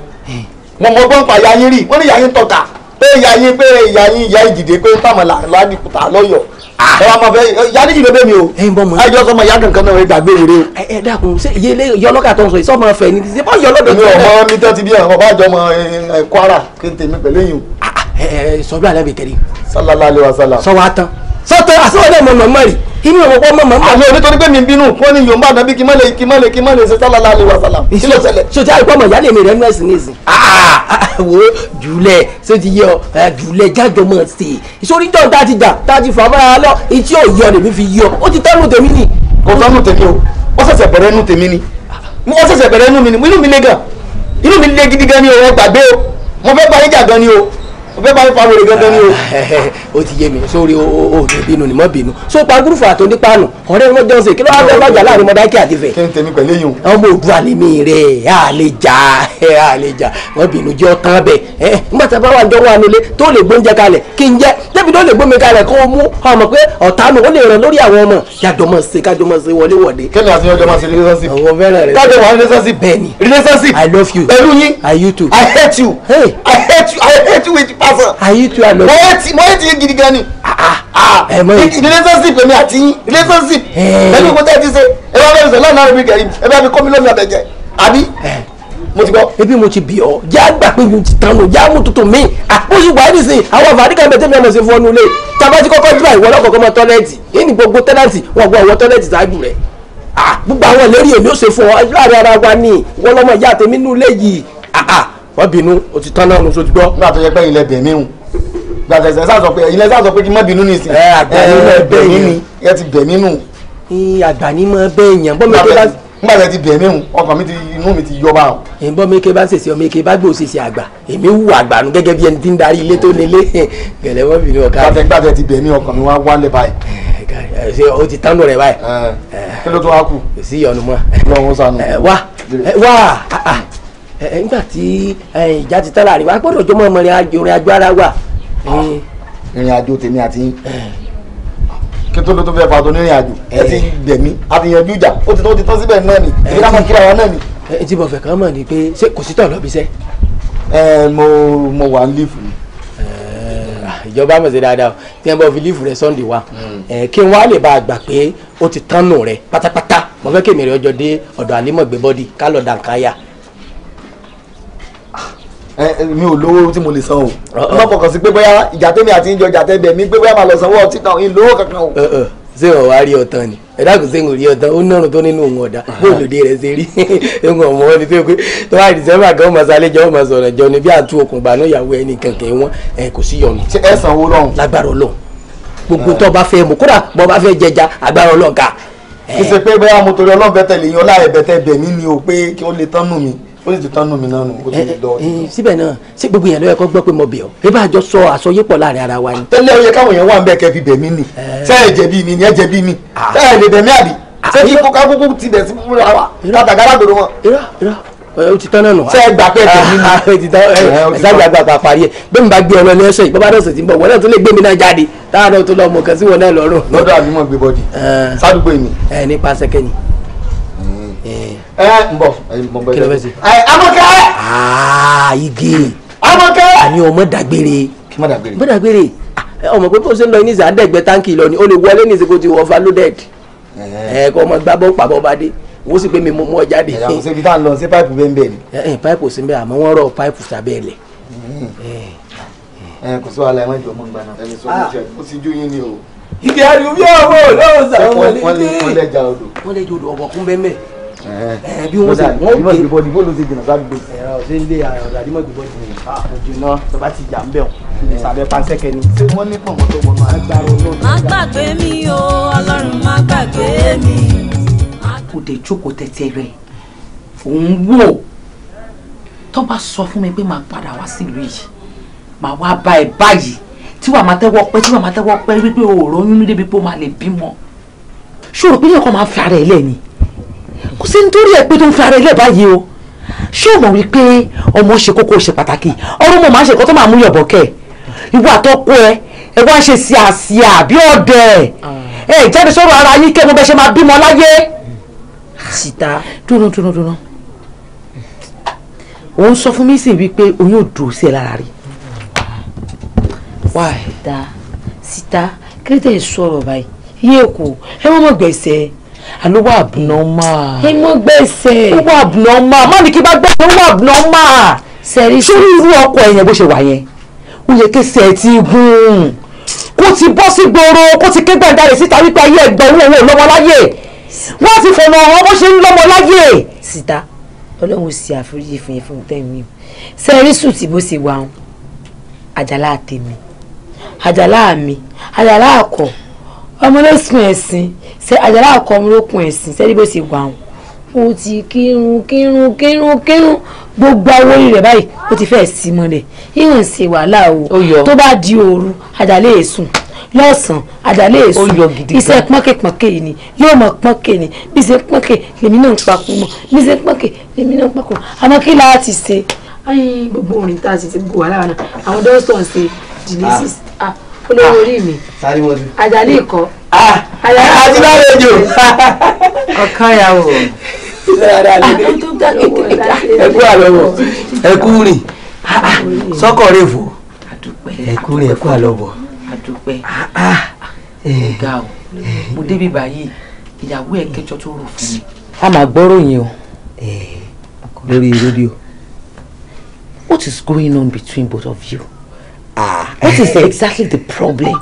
mọ mọ gbọ́n pa yá yín rí wọ́n ní yá yín tọ́ka pé yá yín pé yá yín yá ìdìde pé táwọn ládìkúta lọ́yọ̀ọ́ ọmọ ọmọ bẹ yanni yìí ló bẹ mi o ẹjọ sọmọ ìyá kankan náà gbàgbé rere. ẹ dákun ṣe iye yọlọ́kà tó ń sọ yìí sọmọ fẹ ni ṣe bọ́ yọlọ́dọ̀ tó ń bẹ. mi ò mọ mi tẹ́ ti bí ẹ̀ ọba àjọmọ Kwara kí n tèmi pẹ̀lú yìí. Ah, ah, ẹ ẹ sọ bí alẹ́ bẹ̀ kẹ́rin. sálálá alẹ́ wa sálá. sọ wa tán sọ tán àṣọ inú ìwò pọ́ mọ̀ mọ́. àlọ́ nítorí pé mi bínú wọ́n ní yorùbá àdàbí kí mọ́lẹ̀ kí mọ́lẹ̀ kí mọ́lẹ̀ ṣe sálálá alẹ́ wa sálám. kí ló ṣẹlẹ̀. sotí àìpọ́ mọ̀ yálẹ̀ mi rẹ̀ nú ẹ̀sìn nìsín. wo jùlẹ̀ sotí yẹ ọ eh, jùlẹ̀ jájọ mọ̀ ṣe ìsorí jọ̀ tá a ti gbà tá a ti fà bára lọ etí ò yọ lèmi fi yọ ó ti tọ́nu tèmi ni. kò tọ́nu tèmi o ó ṣẹ̀ṣẹ̀ bẹ̀rẹ̀ nú tèmi ni mo ó ṣẹ̀ṣẹ̀ bẹ̀rẹ̀ nú mi ni inú mi le gan inú mi le gidi gan ni o mo gbàgbé o mo fẹ́ gba yín jà gan ni o fẹ́ bá mi pa wèrè gangan ni o. o ti yé mi sórí o ò ní bínú ni mọ́ bínú so pa gúrùfù àti onípaanu ọ̀rẹ́ wọn jọ ṣe kí ló wá fẹ́ bàjá láàrin mọ́dákì àti fẹ́. kí n tẹ̀mí pẹ̀lú èyí o. ọmọ òdua ni mi rẹ a lè jà a lè jà mọ́ bínú jẹ́ ọ̀tán bẹ̀ ẹ́ nígbà tí a bá wà jọ wà nílé tó lè gbóúnjẹ kalẹ̀ kí n jẹ́ débi tó lè gbómi kalẹ̀ kó o mú ọmọ pé ọ̀tá mi ó lè ràn lórí àwọn ọmọ yàjọ mọ̀ ṣe kájọ mọ̀ ṣe wọlé wọ̀de. kí ni àti ọjọ́ máa ṣe relationship. àwọn fẹ́ràn rẹ. kájọ wà relationship. bẹ́ẹ̀ni relationship. I love you. pẹ̀lú yín. I you too. I hate you. with thousand. ayé tu àlọ́. mo yẹ ti mo yẹ ti yé gidi gan ni. Ah, ah. Ah, relationship èmi àti yín relationship. pẹ̀lú ìkó tẹ́ ẹ ti ṣe ẹ bá bẹ̀rẹ̀ sọ̀rọ̀ náà rí kẹrin ẹ bá mi kọ́ mi lọ́mí àtẹ̀jẹ̀ àbí mo ti gbọ́. ebi mo ti bì ọ́ já gbà pé mi ti tán lò já mú tuntun mi àpòṣù wàhálì sí àwọn àfàdé kan bẹ̀tẹ̀ mi ọmọ sí fún ọ́nú ilé tàbá ti kọ́kọ́ dúró àìwọ́ lọ́kọ̀ọ́kọ́ mọ́ tọ́lẹ́ẹ̀tì yìí ni gbogbo tẹ́lẹ̀tì wọn gbọ́ àwọn tọ́lẹ́ẹ̀tì ṣáájú rẹ̀ gbogbo àwọn ìlérí èmi ò ṣe fún ọ láàrin ara wa ni wọn lọmọ ìyá àtẹmí nínú ilé yìí wọ́n bínú o ti tán náà lóṣù gbọ́. nígbà tó yẹ pé ilẹ̀ bẹ̀ mí hùn gbàtà ìsẹ̀ sáà sọ pé ilẹ̀ sáà sọ pé kí n má bínú nìsín. ẹ àgbàní bẹ̀ ni ẹ ti bẹ̀ mí nù. àgbàní mọ bẹ́ẹ̀ yàn bọ́mọ eke bá. nígbà tẹ ti bẹ̀ mí hùn ọkàn mi ti inú mi ti yọba o. bọ́mọ eke bá ń sèse ọmọ eke bá gbé òṣèṣe àgbà èmi wù àgbà nu gẹ́gẹ́ bí ẹni tí ń darí ilé tó nílé gẹ̀lẹ́ wọ́n bínú ọ̀ká. gbàtà gbàtà ti bẹ̀ mí ọkàn mi wá wálẹ̀ báyìí ṣe o ti tán rẹ báyìí. kí ló tó wá kù. kò sí ìyọnu mọ́. lọ́wọ́ sanu. wá wá nígbà tí ìjà ti tán láàrin wa gbọ́dọ̀ jọmọ́ ọmọ ìrìn àjò ara wa. Ah, eh. ìrìn àjò tèmi àti eh. kí tó ló tó fẹ́ fàtó nírìn àjò ẹ eh. ti gbẹ̀mí a ti yanjú ìjà ó ti tó ti tán síbẹ̀ náà ni èmi náà máa kíra wa náà ni. ẹ ti bọ̀fẹ̀ kan mọ̀ ni pé ṣé kò sí tọ̀ lọ́bi iṣẹ́. ẹ mo mo wà ní lífù. Ah, ìjọba mọ̀ sí dáadáa o tí wọ́n bọ̀ fi lífù rẹ sunday wa hmm. kí n wá lè bá a gbà pé ó ti tán nù rẹ pátápátá mo fẹ́ kémi rẹ ọjọ́ dé ọ̀dọ̀ àlímọ̀gbẹ́ ká lọ dànkáyà mi ò lówó tí mo lè san o uh-uh. má fọkàn sí pé bóyá ìjà tẹ́mi àti ìjọ ìjà tẹ́mi ẹ̀mí pé bóyá màá lọ sanwó ọtí kan ìlówó kankan o. Uh-uh. ṣé ọ̀ wá rí ọ̀tàn ni ẹ̀dá kò sẹ́yìn òrí ọ̀tàn ó nírun tó nínú òun ọ̀dà bóòlùdé rẹ̀ ṣe rí ẹ̀hún ọmọ ẹni tó yẹ pé tó bá dìsẹ́mbà kan máa sálẹ̀ jọ máa sọ̀rọ̀ jọ ni bí àtú okùn gbaná ìyàwó ẹni kankan wọn ẹ kò sí yọnu. ẹ sanwó lọ́hùn. lágbára Ọlọ́run gbogbo tó bá fẹ́ mu kódà bó bá fẹ́ jẹja agbára Ọlọ́run ká. kì í o pé kí ó le tán ó sì ti tánú mi nánu ó ti lọ. Eh, eh, eh, síbẹ̀ náà ṣé gbogbo yẹn ló yẹ kó gbọ́ pé mo bẹ̀ ọ́ ẹ bá jọ sọ àsọyépọ̀ láàrin ara wa ni. tẹ́lẹ̀ ó yẹ káwọn yẹn wà ń bẹ́ẹ̀ kẹ́ fi bẹ̀ mí nì sẹ́ẹ̀ jẹ̀bi mi ni ẹ jẹ̀bi mi sẹ́ẹ̀ ah. lè bẹ̀ mí àbí sẹ́ẹ̀ ah, kí kókó kókó ti bẹ̀ sí fún ra wa látàgárà dòdò wọn. o ti tán náà nù. sẹ́ẹ̀ gbà pé ẹ̀jẹ̀ mi ni. ẹ̀sàgbà gbà pa parí ẹ̀ bẹ́ẹ̀ mi bá gbé ọlọ́ni ẹ̀ṣọ́ ìbábá náà sì ti ń bọ̀ wọ́n náà tó lè gbé mi náà jáde táwọn tó lọ mọ̀ kàn sí wọn náà lọ́rùn. lọ́dọ̀ àbí mọ̀ gbé bọ́dì sádùgbò mi. ẹ nípa sẹ́kẹ́ni. Hmm. Eh, eh, eh. amọ̀kẹ́. Ah, igi amọ̀kẹ́. àní ọmọ dàgbére ọmọ dàgbére ah, ọmọ pé bó ṣe ń lọ ní ìsàdẹ́gbẹ́ táǹkì lọ ni ó lè wọlé ní ìsìnkú ti wọ kọ́ ọmọ gbábọ́ pàbọ́ bá dé sì pé mi mú ọ jáde. ẹ̀yà tá à ń lọ sí bẹ́ẹ̀ bẹ́ẹ̀ ni. sí bẹ́ẹ̀ àmọ́ wọ́n rọ sábẹ́ ẹ̀lẹ̀ hmm. kò ah. ó o. Eh, bí ah, eh. mi o ọlọ́run má mi. kò dé jókòó tẹ́tẹ́ rẹ̀ òun wò tó bá sọ fún mi pé màá padà wá sílùú yìí màá wá bá ẹ báyìí tí wàá máa tẹ́wọ́ pẹ́ tí wàá máa tẹ́wọ́ pẹ́ wípé òòrùn oyún mi débi pé ó máa lè bímọ ṣòro pé ní ọkọ máa fi ara ẹ lẹ́ni kò sí nítorí ẹ pé tó ń fi ara ilé báyìí o ṣé o mọ̀ wípé ọmọ ṣe kókó ṣe pàtàkì ọ̀rọ̀ mo máa ń ṣe nǹkan tó máa mú yọ̀bọ̀ kẹ̀ ìwọ àtọ́kọ ẹ ẹ wá ṣe sí àsíá àbí ọ̀dẹ ah. ẹ jáde sọ̀rọ̀ ara yín kẹ́ mo bẹ́ ṣe máa bímọ láyé. síta dúró dúró dúró ò ń sọ fún mi sì wípé oyún ò dùn sí ẹ lára rí. síta síta kí ló dé sọ̀rọ̀ báyìí yé e kò ẹ mọ̀ mọ̀ gbẹ̀sẹ̀ àló wà abnormal. ẹ mọ gbèsè. ó wà abnormal má ní kí bá gbèsè ó wà abnormal. sẹ́rí sórí irú ọkọ ẹ̀yẹn bó ṣe wà yẹn ó yẹ kí sẹ́ẹ̀ ti gùn kó ti bọ́ sí gbòòrò kó ti ké gbàǹdarè síta wípé ayé ẹ̀gbọ́n owó owó lọ́mọ láyè wọ́n ti fọ̀nà ọ̀hún bó ṣe ń lọ́mọ láyè. síta ọlọ́run ò àforíjì fún yẹn fún tẹ̀mí o sẹ́ẹ̀rí sùn tí bó ṣe wà ń àjàlá tèmi àjàlá mi àjàlá àkọ́ ọmọ ló sùn ẹ̀sìn ṣe àjàlá ọkọ ọmọ ló kun ẹ̀sìn ṣẹ́ni bó ṣe wà wọn. o ti kírun kírun kírun kírun gbogbo awo rẹ̀ báyìí o ti fẹ́ẹ́ sí mọ́lẹ̀ ìhàn ṣe wàhálà o tó bá di òru àjàlá èsùn lọ́sàn-án àdálẹ́ èso iṣẹ́ pọ́nkẹ́pọ́nkẹ́ yìí ni yóò mọ̀ pọ́nkẹ́ ni bí ṣe pọ́nkẹ́ lèmi náà ń pakú mọ̀ bí ṣe pọ́nkẹ́ lèmi náà ń pakú mọ̀ àmọ́ kí la ti ṣe. ayin gbogbo orin tá a ṣe ti gbogbo wàhálà wa náà àwọn dókítà ń ṣe diseases olórí ah, orí mi àjálù ikọ ah, ah, àti lálejò ọkàn ya ẹkú àlọ́wọ̀ ẹkú rìn sọ́kọ̀ rè ẹkú rìn ẹkú àlọ́wọ̀. ọ̀gá eh. o eh. mo débi báyìí ìyàwó ẹ̀ kẹjọ tó rò fún mi. a máa gbọ́rọ̀ yẹn o eh, lórí rédíò what is going on between both of you. Ah. What is exactly the problem?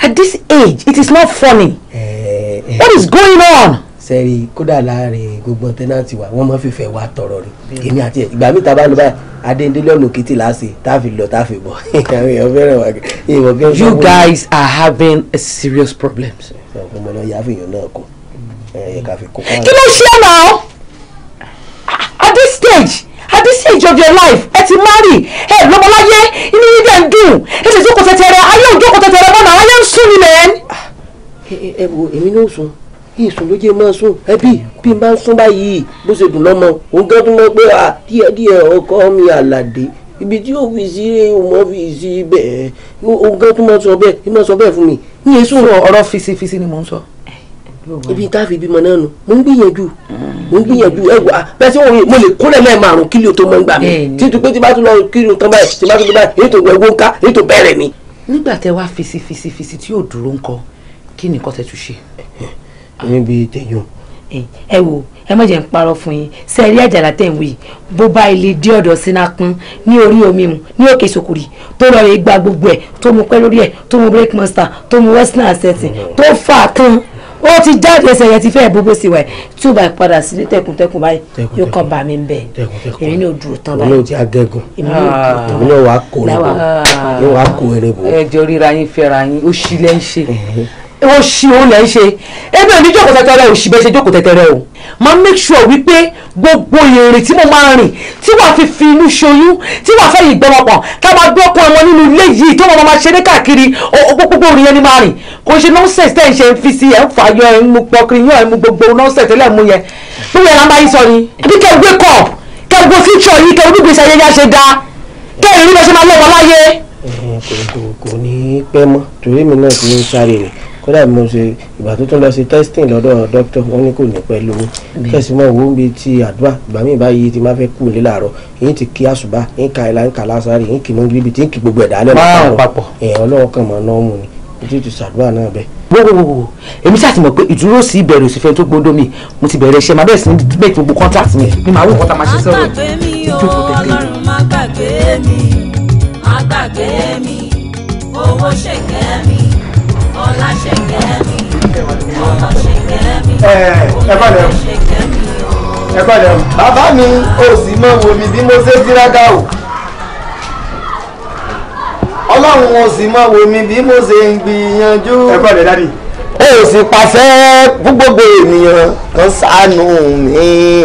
At this age, it is not funny. Eh, eh, What is going on? sẹ́rí kódà láàrin gbogbo tẹ́nàntì wa wọ́n máa fi fẹ́ wa tọ̀rọ̀ rẹ̀ èmi àti ẹ̀ ìgbà mi ta bá lọ báyìí adéńdélé ọ̀nà òkìtì láàṣẹ tá lọ tá bọ̀ you guys are having a serious problem. ọmọ náà yà á náà kú kí ló ṣe é náà at this stage at this stage of your life ẹ ti marry ẹ lọ́mọláyé inú yín dẹ̀ ń dùn ẹ sì jókòó tẹ̀tẹ̀rẹ̀ ayé ò jókòó tẹ̀tẹ̀rẹ̀ mọ́nà ayé ń sún nílẹ̀ ẹ̀. ẹ wo èmi náà Hey, kí ìsùn ló jẹ́ máa sùn ẹbí bí n bá ń sún báyìí bó ṣe dùn lọ́mọ òun gán tún mọ́ pé díẹ̀ díẹ̀ ọkọ mi àlàdé ibi tí yóò fi sí rèé o mọ fi sí bẹ́ẹ̀ òun gán tún mọ́ sọ bẹ́ẹ̀ tún mọ́ sọ bẹ́ẹ̀ fún mi. ní èso ọ̀rọ̀ fisifisi ni mò ń sọ ibi tá a fi bímọ náà nù mo ń gbìyànjú mo ń gbìyànjú ẹ wà bẹ́ẹ̀ tí wọ́n yẹ mo lè kúnlẹ̀ lẹ́ẹ̀márùn kílò tó mọ́ ń gbà mí títí pé tí bá tún lọ kílò tán báyìí tí bá tún lọ báyìí ètò ẹ̀wọ́ ń ká ètò bẹ̀rẹ̀ ni. nígbà tẹ wá fisi fisi fisi tí yóò dúró ńkọ́ kí ni kọ́tẹ́ tún ṣe. ẹyin bíi tẹyún. ẹ wo ẹ má jẹ́ ń parọ́ fún yín sẹ́ẹ̀rí àjàlá tẹ̀ ń wí bó bá ilé dé ọ̀dọ̀ sínakún ní orí omi mu ní òkè sòkòrì tó lọ rè gba gbogbo ẹ̀ tó mu pẹ́ lórí ẹ̀ tó mu break master tó mu western assessing tó fà á tán o ti jáde ẹsẹ̀ yẹn ti fẹ́ bóbó sí wa ẹ̀ tí ó bá padà sílé tẹkùntẹkùn báyìí yóò kàn bá mi bẹ̀ èmi ní òdùrò tán báyìí. olóòtú agẹ́gùn èmi náà wàá kó erébò. ẹ jọ ríra yín fẹ́ra yín ó ṣí lẹ́ ń ṣe ó ṣí òun lẹ́ ń ṣe ebi òní jókòó tẹ́tẹ́rẹ́ ò sì be ṣe jókòó tẹ́tẹ́rẹ́ o máa make sure wípé gbogbo ìrìn tí mo máa rìn tí wàá fi fi inú ṣoyún tí wàá fẹ́ yìí gbọmọpọ̀ tá a máa gbé ọkọ ọmọ nínú ilé yìí tó wọn máa ṣe ní káàkiri gbogbo òrìn yẹn ni máa rìn kò ṣe nonsense tẹ́ ẹ̀ ń ṣe fi si ẹ̀ ń fà yọ ẹ̀ ń mu pọkiri yọ ẹ̀ ń mu gbogbo nonsense tẹ́lẹ̀ mu yẹn gbogbo ẹ̀ la máa yí sọ ni bí kẹ́ ẹ wake up kẹ́ ẹ wo future yìí kẹ́ ẹ olúgbèsè ayẹyẹ ṣe dáa kẹ́ ẹ ìrìn lọ ṣe máa lọ́wọ́ láyé. kò ní pẹ́ mọ́ torí mi náà ti ń sáré rìn kódà mo ṣe ìgbà tó tún lọ ṣe testing lọ́dọ̀ doctor wọn ní kò ní pẹ́ lówó kẹ̀sì mọ́ wo ń bi ti àdúrà ìgbà míì báyìí ti máa fẹ́ kú ní làárọ̀ yín ti kí àṣùbà yín ka ìlà yín kà lásàrì yín kì í mú ibi tí yín kì gbogbo ẹ̀dá lẹ́nu papọ̀ ẹ̀yàn ọlọ́wọ́ kan mọ̀ náà mú ni ojú ti ṣàdúrà náà bẹ́ẹ̀. wowowowo èmi ṣáà ti pé ìdúró sí ìbẹ̀rù òsìfẹ́ tó gbódó mi mo ti bẹ̀rẹ̀ iṣẹ́ máa sí ní bẹ́ẹ̀ gbogbo contract mi ni màá wò kọ́ta máa ṣe sọ́rọ̀ ìjọ́ tó tẹ̀lé. má gbàgbé mi owó ṣèké. ẹ pẹ̀lẹ́ o ẹ pẹ̀lẹ́ o. bàbá mi ò sì mọ wo mi bí mo ṣe gírágà o ọlọ́run ò sì mọ wo mi bí mo ṣe ń gbìyànjú. ẹ pẹ̀lẹ́ dádì ó sì pàṣẹ fún gbogbo ènìyàn kan ṣàánú mi.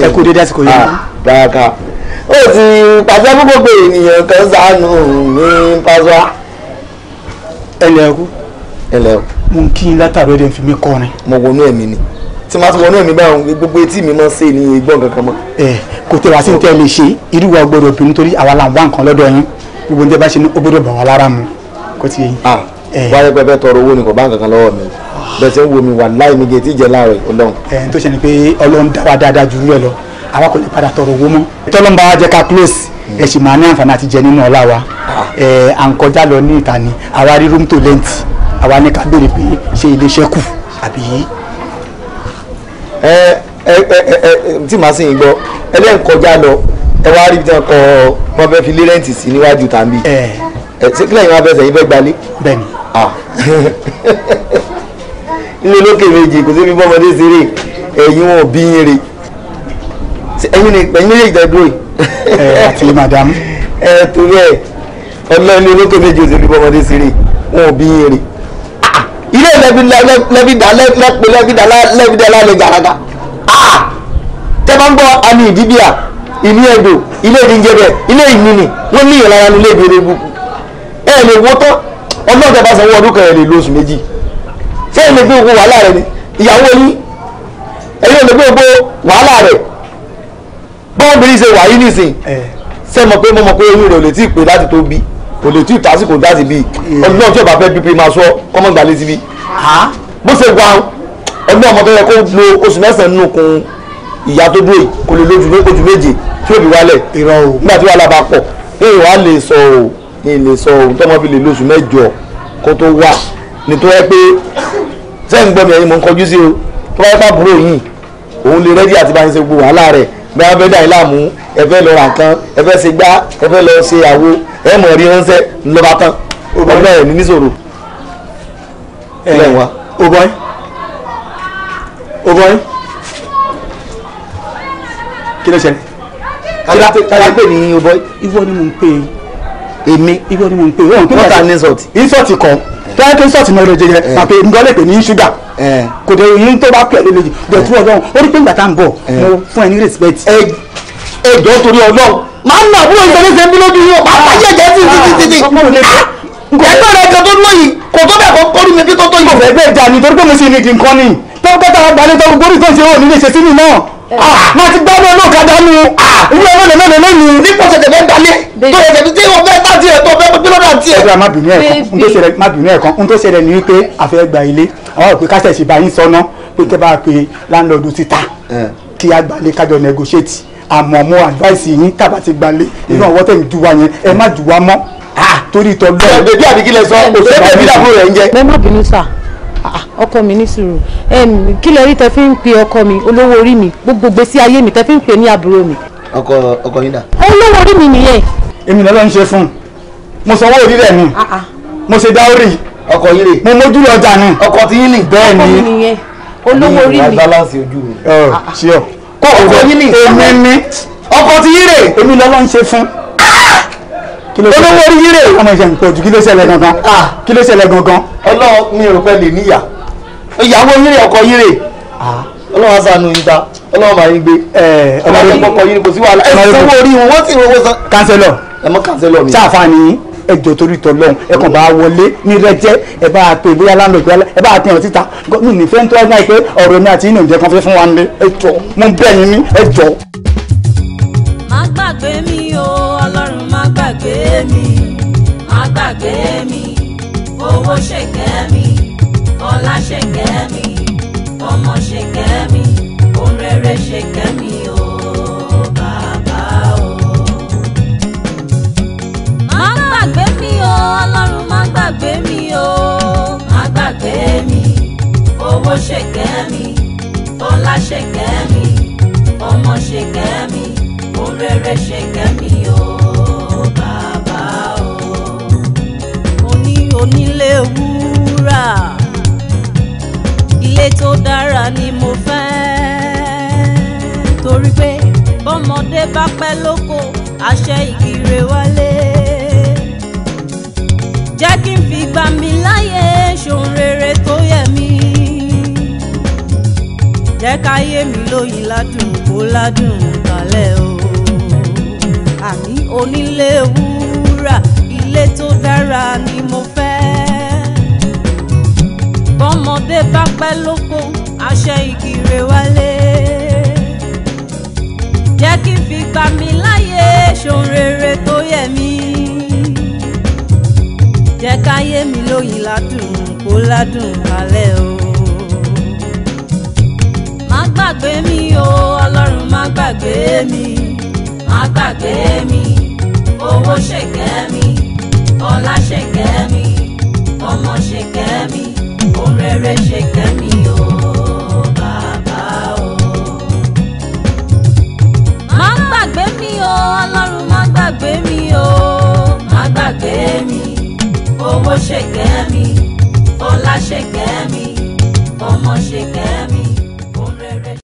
ẹ kú dédé àsìkò yìí. Ah, dáadáa ó sì pàṣẹ gbogbo ènìyàn kan ṣàánú mi pàṣẹ. ẹ lẹ́ẹ̀kú. ẹ lẹ́ẹ̀kú. mo ń kí yín látàrí ẹ̀dẹ̀ ń fi mí kọrin. mo wọnú ẹ̀mí ni tí máa tún wọnú ẹ̀mí báwọn gbogbo etí mi máa ń ṣe ní igbọ́n kankan mọ́. ẹ eh, kò tẹ wá sí nǹkan ẹ lè ṣe irú wa gbọ́dọ̀ bínú torí àwa là ń wá nǹkan lọ́dọ̀ yín gbogbo ní bá ṣe ní ó bà wá lára mu kó ti yé yín. Ah, eh. wáyé pẹpẹ tọrọ owó ni kò bá nǹkan lọ́wọ́ mi bẹ́ẹ̀ sẹ ń wo mi wà láì mi gé tí jẹ láàrẹ Ọlọ́run. ẹ eh, n tó ṣe ni pé Ọlọ́run dá wa dáadáa jù rẹ lọ àwa kò lè padà tọrọ owó mọ́ tọlọ́run wa jẹ ká ah. room to lent àwa ní ká béèrè pé ṣé ẹ ẹ ẹ tí màá sì yín gbọ́ ẹlẹ́yìn kọjá lọ ẹ wá rí tán kọ wọn fẹ́ fi lé rẹ́ǹtì sí níwájú tàbí ẹ ṣé kílẹ̀ yín wá bẹ̀sẹ̀ yín fẹ́ gbalé. bẹ́ẹ̀ni. ilé lókè méje kò síbi bọ́mọdé ṣeré ẹ̀yin wọn bí yín re ẹ̀yin ni ẹ̀yin méjèèjì tẹ dúró yìí. ẹ àti madam. ẹ torí ẹ ọlọ́ọ̀ni olókè méje kò síbi bọ́mọdé ṣeré wọn ò bí yín re. ilé lẹ́bídà lẹ́pẹ́ lẹ́bídà lẹ́bídà lálẹ́ gàràgà ah tẹ́ bá ń gbọ́ àmì ìdíbíà ìní ẹ̀dọ̀ ilé ìdíjẹ́bẹ̀ ilé ìnìní wọ́n ní ìlara nílé ìbèrè gbogbo ẹ̀ lè wó tán ọlọ́run tẹ́ bá sanwó ọdún kan ẹ̀ lè lóṣù méjì ṣé ẹ̀ lè gbé gbogbo wàhálà rẹ̀ ni ìyàwó yín ẹ̀yìn lè gbé gbogbo wàhálà rẹ̀ bọ́ọ̀bìnrin ṣe wà yín nísìn ṣé mọ̀ pé mo mọ̀ pé oyún rẹ̀ ò lè tí ì pè láti tó bí kò lè tí ì tásìkò dáàsì bíi ọdún tí ọba fẹ́ pípé máa sọ kọ́mọ́ gbà létí bí. bó ṣe wà ọdún ọmọ tó yẹ kó lo oṣù mẹ́sàn-án nínú kun ìyá tó dúró yìí kò lè lójú ojú méje tí òbí wálẹ̀ nígbà tí wàhálà bá pọ̀ ní ìwà lè sọ ò ní lè sọ ò tọ́mọ fi lè lóṣù mẹ́jọ kó tó wà nítorí ẹ pé sẹ́yìn gbọ́dọ̀ ẹ̀yin mò ń kọjú sí o tó bá yẹ ká búrò yìí òun lè rẹ́dí àti bá ń ṣe gbogbo wàhálà rẹ̀ bí wọ́n fẹ́ dà yín láàmú ẹ fẹ́ lọ rà kan ẹ fẹ́ ṣe gbá ẹ fẹ́ lọ ṣe àwo ẹ mọ̀ rí ránṣẹ́ lọ́ba tán oh, ọgbà ẹ̀ ní níṣòro. ọbọ̀n eh, oh, ọbọ̀n oh, kí ló ṣẹlẹ̀. kára pè ní ọbọ̀n ìwọ ni mò ń pè é èmi ìwọ ni mò ń pè é wọn eh. kí wọn ta ní sọọtì. ìsọọtì kan tẹ́lẹ̀ tó ń sọ̀tì náà lóde yẹn pàpẹ́ nǹkan lè pè ní ṣúgà eh. kò dé yín tó bá pẹ̀ lélejì dọ̀tí ọlọ́run ó rí pé ìgbà tá à ń bọ̀ mo fún ẹ ní respect. ẹ jọ̀ọ́ torí ọlọ́run máa ń nà fún òyìnbó ní sẹ́ńbí lójú yìí máa ń bá jẹ́jẹ́ sí sí sí sí. Ah! ẹgbẹ́ rẹ̀ kan tó lọ yìí kò tó bẹ̀ kó kórìí mi bí tó tó yìí. ọ̀fẹ́ bẹ́ẹ̀ jà ní torí pé mo sì ní ìdìkan ni tọ́kọ́tà àgbàlẹ̀ tọ́kọ́ gbórí tó ń ṣe òní lè ṣe sí mi náà ah! máa ti gbádùn olóòkadà nu ah! ilé ọlọ́lẹ̀ mẹ́lẹ̀ lẹ́nu. nípa ṣẹ̀ṣẹ̀ fẹ́ dalẹ̀ tó ṣẹ̀ṣẹ̀ fi tí wọ́n fẹ́ tá tiẹ̀ tó fẹ́ pílọ́dà tiẹ̀. ẹgbẹ́ má bínú ẹ̀kan má bínú ẹ̀kan ohun tó ṣẹlẹ̀ ní wípé àfẹ́ gba ilé àwọn òpin kásẹ̀ ṣì bá yín sọ pé kẹ́ bá pe láńlọ́ọ̀dù ti ta kí a kájọ negotiate àmọ́ mo advice yín tàbá ti gbalẹ̀ inú ọwọ́ tẹ̀mí duwa yẹn ẹ má duwa mọ́ ah, torí tọ́lọ́. ẹ bèbí àbí kí lẹ sọ òṣèré bèbí làbúrò rẹ ń jẹ. mo má bínú sà ah, ah, ọkọ mi ní sùúrù kí lẹ rí tẹ fi ń pe ọkọ mi olówó orí mi gbogbo gbèsè ayé mi tẹ fi ń pe ní àbúrò mi. ọkọ ọkọ yín dà. olówó orí mi nìyẹn. èmi lọ́dọ̀ ń ṣe fún un mo sanwó orí rẹ̀ mi mo ṣe dáórì ọkọ yín rè mo mójú lọ́jà ni ọkọ tí yín nì. bẹ́ẹ̀ ni olówó orí mi. balance ojú mi. ṣé kó ọkọ yín ní ìsọmọ èmi ni ọkọ ti yíre èmi lọ́lọ́ ń ṣe fún olówó orí yíre ọmọ ìṣẹ̀ nǹkan ojú kí ló ṣẹlẹ̀ gangan kí ló ṣẹlẹ̀ gangan. ọlọ́run mi ò fẹ́ lè níyà ìyàwó yíre ọkọ yíre ọlọ́run aṣàánú yín ta ọlọ́run máa yín gbé ọlọ́run ọkọ yín kò sí wàhálà ẹ̀sìn owó orí wọn wọ́n sì rówó san. kanṣẹ́lọ̀ ẹ mọ kanṣẹ́lọ̀ mi. sáà fa ẹjọ́ torí tọlọ́hún ẹ kàn bá wọlé ní rẹ́jẹ́ ẹ bá pè bóyá láńlọ́ọ̀dù ẹ bá tẹ̀yàn síta mi ní fẹ́ ń tọ́ náà pé ọ̀rọ̀ mi àti inú ìjẹ kan fẹ́ fún wa nílé ẹ jọ mo ń bẹ̀ yín ní ẹ jọ. má gbàgbé mi o ọlọ́run má gbàgbé mi má gbàgbé mi owó ṣèkẹ́ mi ọlá ṣèkẹ́ mi ọmọ ṣèkẹ́ mi ohun rere ṣèkẹ́ mi. Ṣẹ̀kẹ́mi Fọlá Ṣẹ̀kẹ́mi ọmọ Ṣẹ̀kẹ́mi òrèrè Ṣẹ̀kẹ́mi o bàbá o. mo ní onílé wúrà ilé tó dára ni mo fẹ́ torí pé bọ́mọdé bá pẹ́ lóko àṣẹ ìkirè wálé jẹ́ kí n fi gbà mí láyé ṣòun rere jẹ́ káyé mi lóyin ládùn kó ládùn kalẹ̀ o àní onílé wúrà ilé tó dára ni mo fẹ́ bọ́mọdé bá pẹ́ lóko àṣẹ igi rè wálé jẹ́ kí n fi gbà mí láyé ṣohun rere tó yẹ mí jẹ́ káyé mi lóyin ládùn kó ládùn kalẹ̀ o gbàgbé mi o ọlọ́run má gbàgbé mi má gbàgbé mi owó ṣèkẹ́ mi ọlá ṣèkẹ́ mi ọmọ ṣèkẹ́ mi ohun ṣèkẹ́ mi o bàbá o. má gbàgbé mi o ọlọ́run má gbàgbé mi o má gbàgbé mi owó ṣèkẹ́ mi ọlá ṣèkẹ́ mi ọmọ ṣèkẹ́ mi.